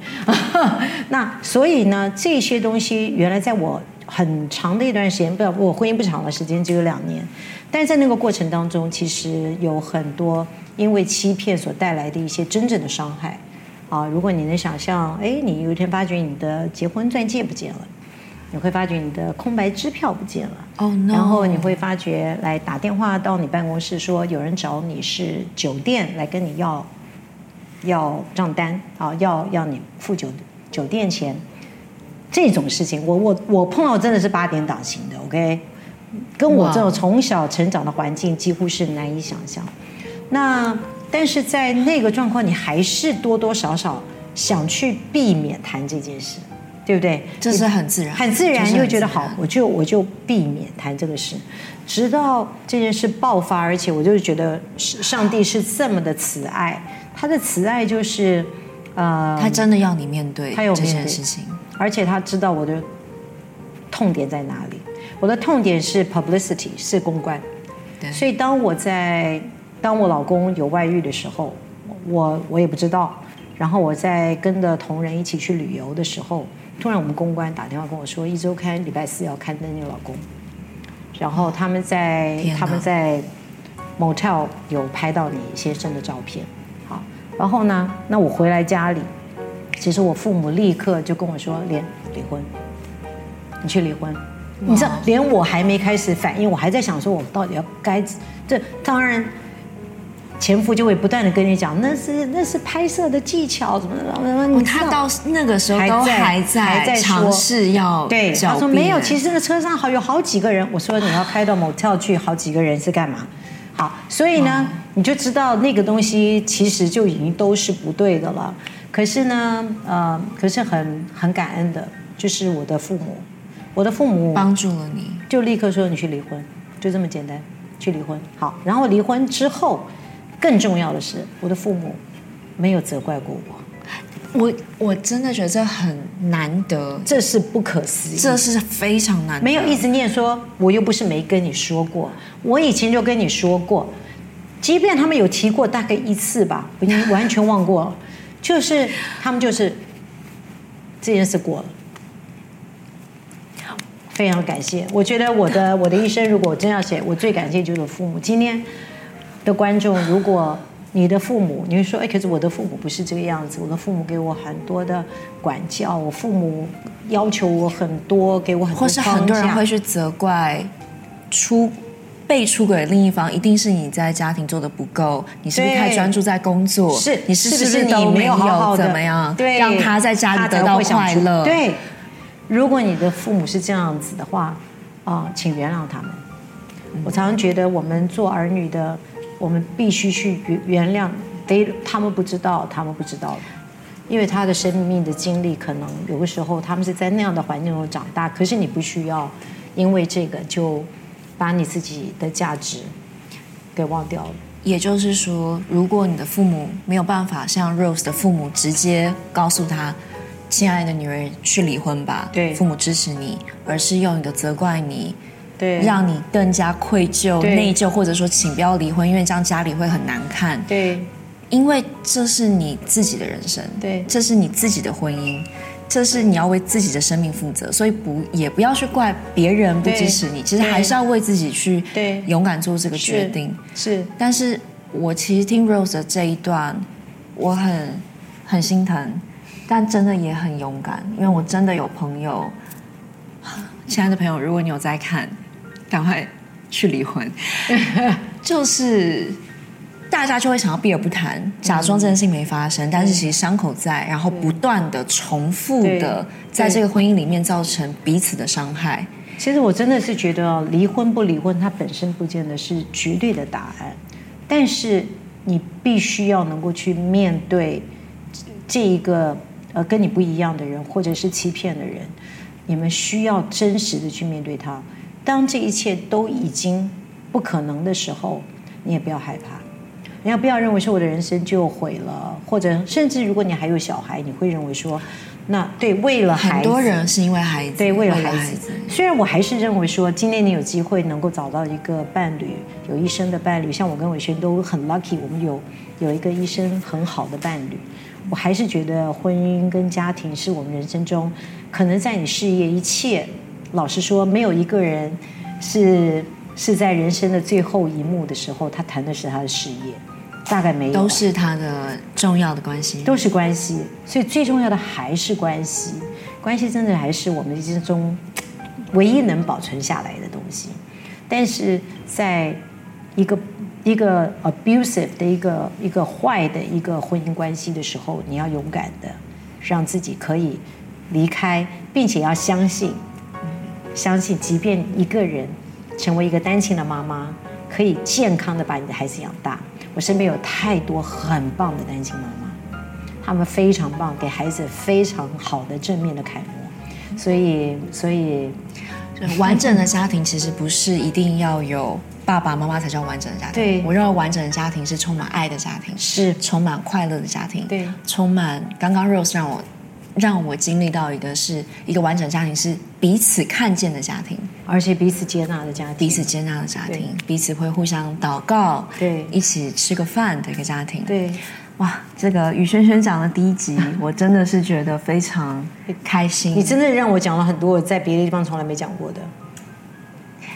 <laughs> 那所以呢，這些東西原來在我。很長的一段時間不，不，我婚姻不長的時間只有兩年，但是在那個過程當中，其實有很多因為欺騙所帶來的一些真正的傷害啊！如果你能想象，哎，你有一天發覺你的結婚鑽戒不見了，你會發覺你的空白支票不見了哦，oh, no. 然後你會發覺來打電話到你辦公室說有人找你是酒店來跟你要要賬單啊，要要你付酒酒店錢。這種事情，我我我碰到真的是八點檔型的，OK，跟我這種從小成長的環境幾乎是難以想象。那但是在那個狀況，你還是多多少少想去避免談這件事，是對不對？這是很自然，很自然，很自然又覺得好，我就我就避免談這個事，直到這件事爆發，而且我就覺得上帝是這麼的慈愛，他的慈愛就是呃，他真的要你面對這件事情。而且他知道我的痛點在哪裡，我的痛點是 publicity 是公關，對，所以當我在當我老公有外遇的時候，我我也不知道，然後我在跟着同仁一起去旅遊的時候，突然我們公關打電話跟我說，一周刊禮拜四要刊登你老公，然後他們在他們在 motel 有拍到你先生的照片，好，然後呢，那我回來家裡。其實我父母立刻就跟我說：“連，離婚，你去離婚。哇”你知道，連我還沒開始反應，我還在想說，我到底要該……這當然，前夫就會不斷的跟你講，那是那是拍攝的技巧，怎麼怎麼怎麼。他到那個時候都還在，還在，還在說嘗試要。對，他說沒有，其實那車上好有好幾個人。我說，你要開到 motel 去，好幾個人是幹嘛？好，所以呢，哦、你就知道那個東西其實就已經都是不對的了。可是呢，呃，可是很很感恩的，就是我的父母，我的父母幫助了你，就立刻說你去離婚，就這麼簡單，去離婚。好，然後離婚之後，更重要的是，我的父母沒有責怪過我，我我真的覺得這很難得，這是不可思議，這是非常難得，沒有一直念說，我又不是沒跟你說過，我以前就跟你說過，即便他們有提過大概一次吧，我已經完全忘過了。 <laughs> 就是他們就是這件事過了，非常感謝。我覺得我的我的一生，如果我真要寫，我最感謝就是我父母。今天的觀眾，如果你的父母，你會說哎，可是我的父母不是這個樣子，我的父母給我很多的管教，我父母要求我很多，給我很多，或是很多人會去責怪出。被出軌的另一方一定是你在家庭做得不夠，你是不是太專注在工作？是。對，你是不是都沒有怎麼樣，讓他在家裡得到快樂？對。如果你的父母是這樣子的話，啊，呃，請原諒他們。嗯，我常常覺得我們做兒女的，我們必須去原諒，得他們不知道，他們不知道，因為他的生命的經歷，可能有的時候他們是在那樣的環境中長大，可是你不需要因為這個就。把你自己的價值給忘掉了，也就是說，如果你的父母沒有辦法像 Rose 的父母直接告訴她：“親愛的女兒，去離婚吧。”對，父母支持你，而是用你的責怪你，對，讓你更加愧疚、對，內疚，或者說，請不要離婚，因為這樣家裡會很難看。對，因為這是你自己的人生，對，這是你自己的婚姻。這是你要為自己的生命負責，所以不也不要去怪別人不支持你。對其實還是要為自己去勇敢做這個決定。是，是。但是我其實聽 Rose 的這一段，我很很心疼，但真的也很勇敢，因為我真的有朋友，親愛的朋友，如果你有在看，趕快去離婚，對 <laughs> 就是。大家就會想要避而不談，假裝這件事情沒發生，嗯，但是其實傷口在，然後不斷的重複的在這個婚姻裡面造成彼此的傷害。其實我真的是覺得哦，離婚不離婚，它本身不見得是絕對的答案，但是你必須要能夠去面對這一個呃跟你不一樣的人或者是欺騙的人，你們需要真實的去面對他。當這一切都已經不可能的時候，你也不要害怕。你要不要認為是我的人生就毀了？或者甚至如果你還有小孩，你會認為說，那對為了孩子，很多人是因為孩子，對，為了孩子。孩子雖然我還是認為說，今天你有機會能夠找到一個伴侶，有一生的伴侶，像我跟瑋軒都很 lucky，我們有有一個一生很好的伴侶。我還是覺得婚姻跟家庭是我們人生中，可能在你事業一切，老實說，沒有一個人是是在人生的最後一幕的時候，他談的是他的事業。大概沒有，都是他的重要的關係，都是關係，所以最重要的還是關係。關係真的還是我們之中唯一能保存下來的東西。但是在一個一個 abusive 的一個一個壞的一個婚姻關係的時候，你要勇敢的讓自己可以離開，並且要相信，相信即便一個人成為一個單親的媽媽，可以健康的把你的孩子養大。我身邊有太多很棒的單親媽媽，她們非常棒，給孩子非常好的正面的楷模。所以，所以完整的家庭其實不是一定要有爸爸媽媽才叫完整的家庭。對，我認為完整的家庭是充滿愛的家庭，是充滿快樂的家庭，對，充滿。剛剛 Rose 讓我讓我經歷到一個，是，一個完整家庭是。彼此看見的家庭，而且彼此接納的家庭，彼此接納的家庭，對彼此會互相禱告，對，一起吃個飯的一個家庭，對，哇，這個與軒軒講的第一集， <laughs> 我真的是覺得非常開心，你真的讓我講了很多我在別的地方從來沒講過的。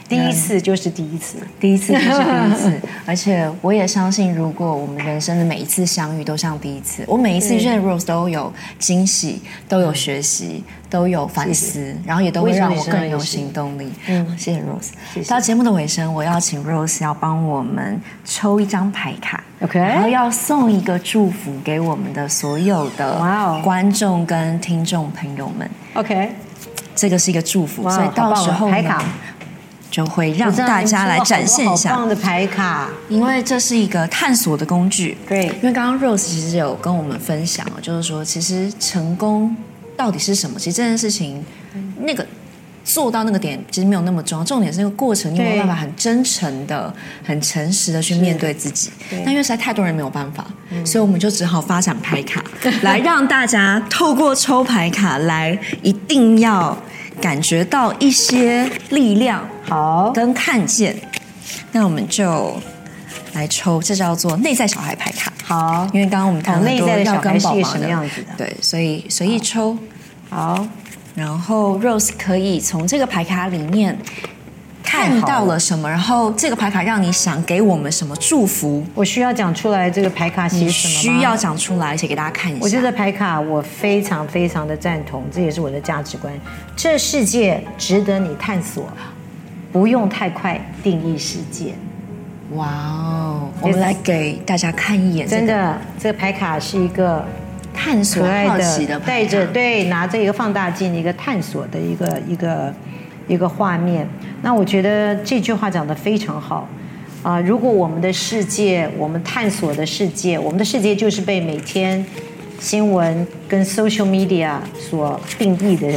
第一次就是第一次，第一次就是第一次，而且我也相信，如果我們人生的每一次相遇都像第一次，我每一次遇見 Rose 都有驚喜，都有學習，都有反思，然後也都會讓我更有行動力。嗯，謝謝 Rose。到節目的尾聲，我要請 Rose 要幫我們抽一張牌卡，OK，然後要送一個祝福給我們的所有的觀眾跟聽眾朋友們，OK。這個是一個祝福，所以到時候就會讓大家來展現一下我們的牌卡，因為這是一個探索的工具。對，因為剛剛 Rose 其實有跟我們分享，就是說，其實成功到底是什麼？其實這件事情，那個做到那個點，其實沒有那麼重要，重點是那個過程，你沒有辦法很真誠的、很誠實的去面對自己。但因為實在太多人沒有辦法，所以我們就只好發展牌卡，來讓大家透過抽牌卡來一定要。感覺到一些力量，好，跟看見，好，那我們就來抽，這叫做內在小孩牌卡，好，因為剛剛我們談討論到要跟寶寶的，對，所以隨意抽，好，然後 Rose 可以從這個牌卡裡面，看到了什麼？然後這個牌卡讓你想給我們什麼祝福？我需要講出來，這個牌卡是其實什麼嗎？你需要講出來，而且給大家看一下。我覺得這牌卡我非常非常的贊同，這也是我的價值觀。這世界值得你探索，不用太快定義世界。哇哦！我們來給大家看一眼這個，真的，這個牌卡是一個探索好奇的，的，帶着對拿着一個放大鏡，一個探索的一個一個。一個畫面，那我覺得這句話講得非常好，啊、呃，如果我們的世界，我們探索的世界，我們的世界就是被每天新聞跟 social media 所定義的，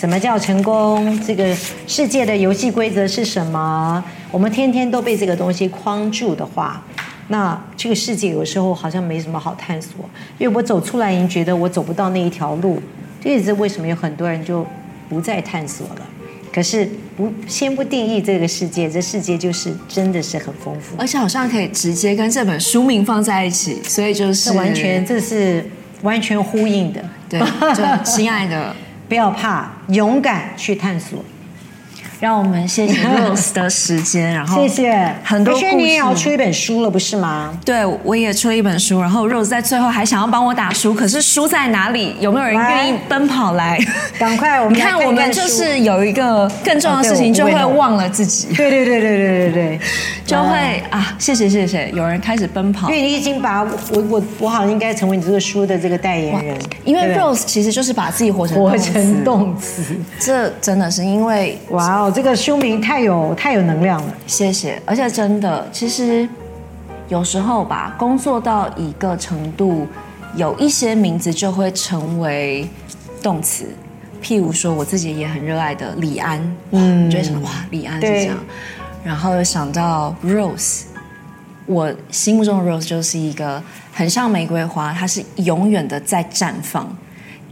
什麼叫成功？這個世界的遊戲規則是什麼？我們天天都被這個東西框住的話，那這個世界有時候好像沒什麼好探索，因為我走出來，已經覺得我走不到那一條路，這也是為什麼有很多人就不再探索了。可是，不先不定義這個世界，這世界就是真的是很豐富，而且好像可以直接跟這本書名放在一起，所以就是完全這是完全呼應的。對，就親愛的， <laughs> 不要怕，勇敢去探索。讓我們謝謝 Rose 的時間，好然後謝謝很多故事。而且你也要出一本書了，不是嗎？對，我也出了一本書。然後 Rose 在最後還想要幫我打書，可是書在哪裡？有沒有人願意奔跑來？趕快！我們看你看，我們就是有一個更重要的事情，就會忘了自己。啊、對對會對對對對對，就會哇啊！謝謝謝謝，有人開始奔跑，因為你已經把我我我好像應該成為你這個書的這個代言人，因為 Rose 其實就是把自己活成活成動詞。動這真的是因為哇哦。這個書名太有太有能量了，謝謝。而且真的，其實有時候吧，工作到一個程度，有一些名字就會成為動詞。譬如說，我自己也很熱愛的李安，嗯，就覺得哇，李安是這樣。對。然後又想到 Rose，我心目中的 Rose 就是一個很像玫瑰花，它是永遠的在綻放。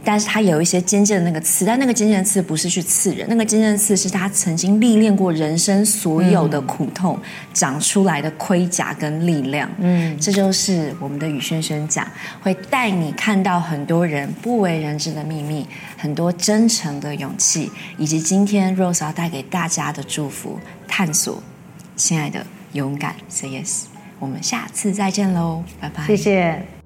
但是他有一些尖尖的那個刺，但那個尖尖的刺不是去刺人，那個尖尖的刺是他曾經歷練過人生所有的苦痛、嗯、長出來的盔甲跟力量。嗯，這就是我們的與軒軒講會帶你看到很多人不為人知的秘密，很多真誠的勇氣，以及今天 Rose 要帶給大家的祝福。探索，親愛的，勇敢 Say Yes，我們下次再見嘍，拜拜，謝謝。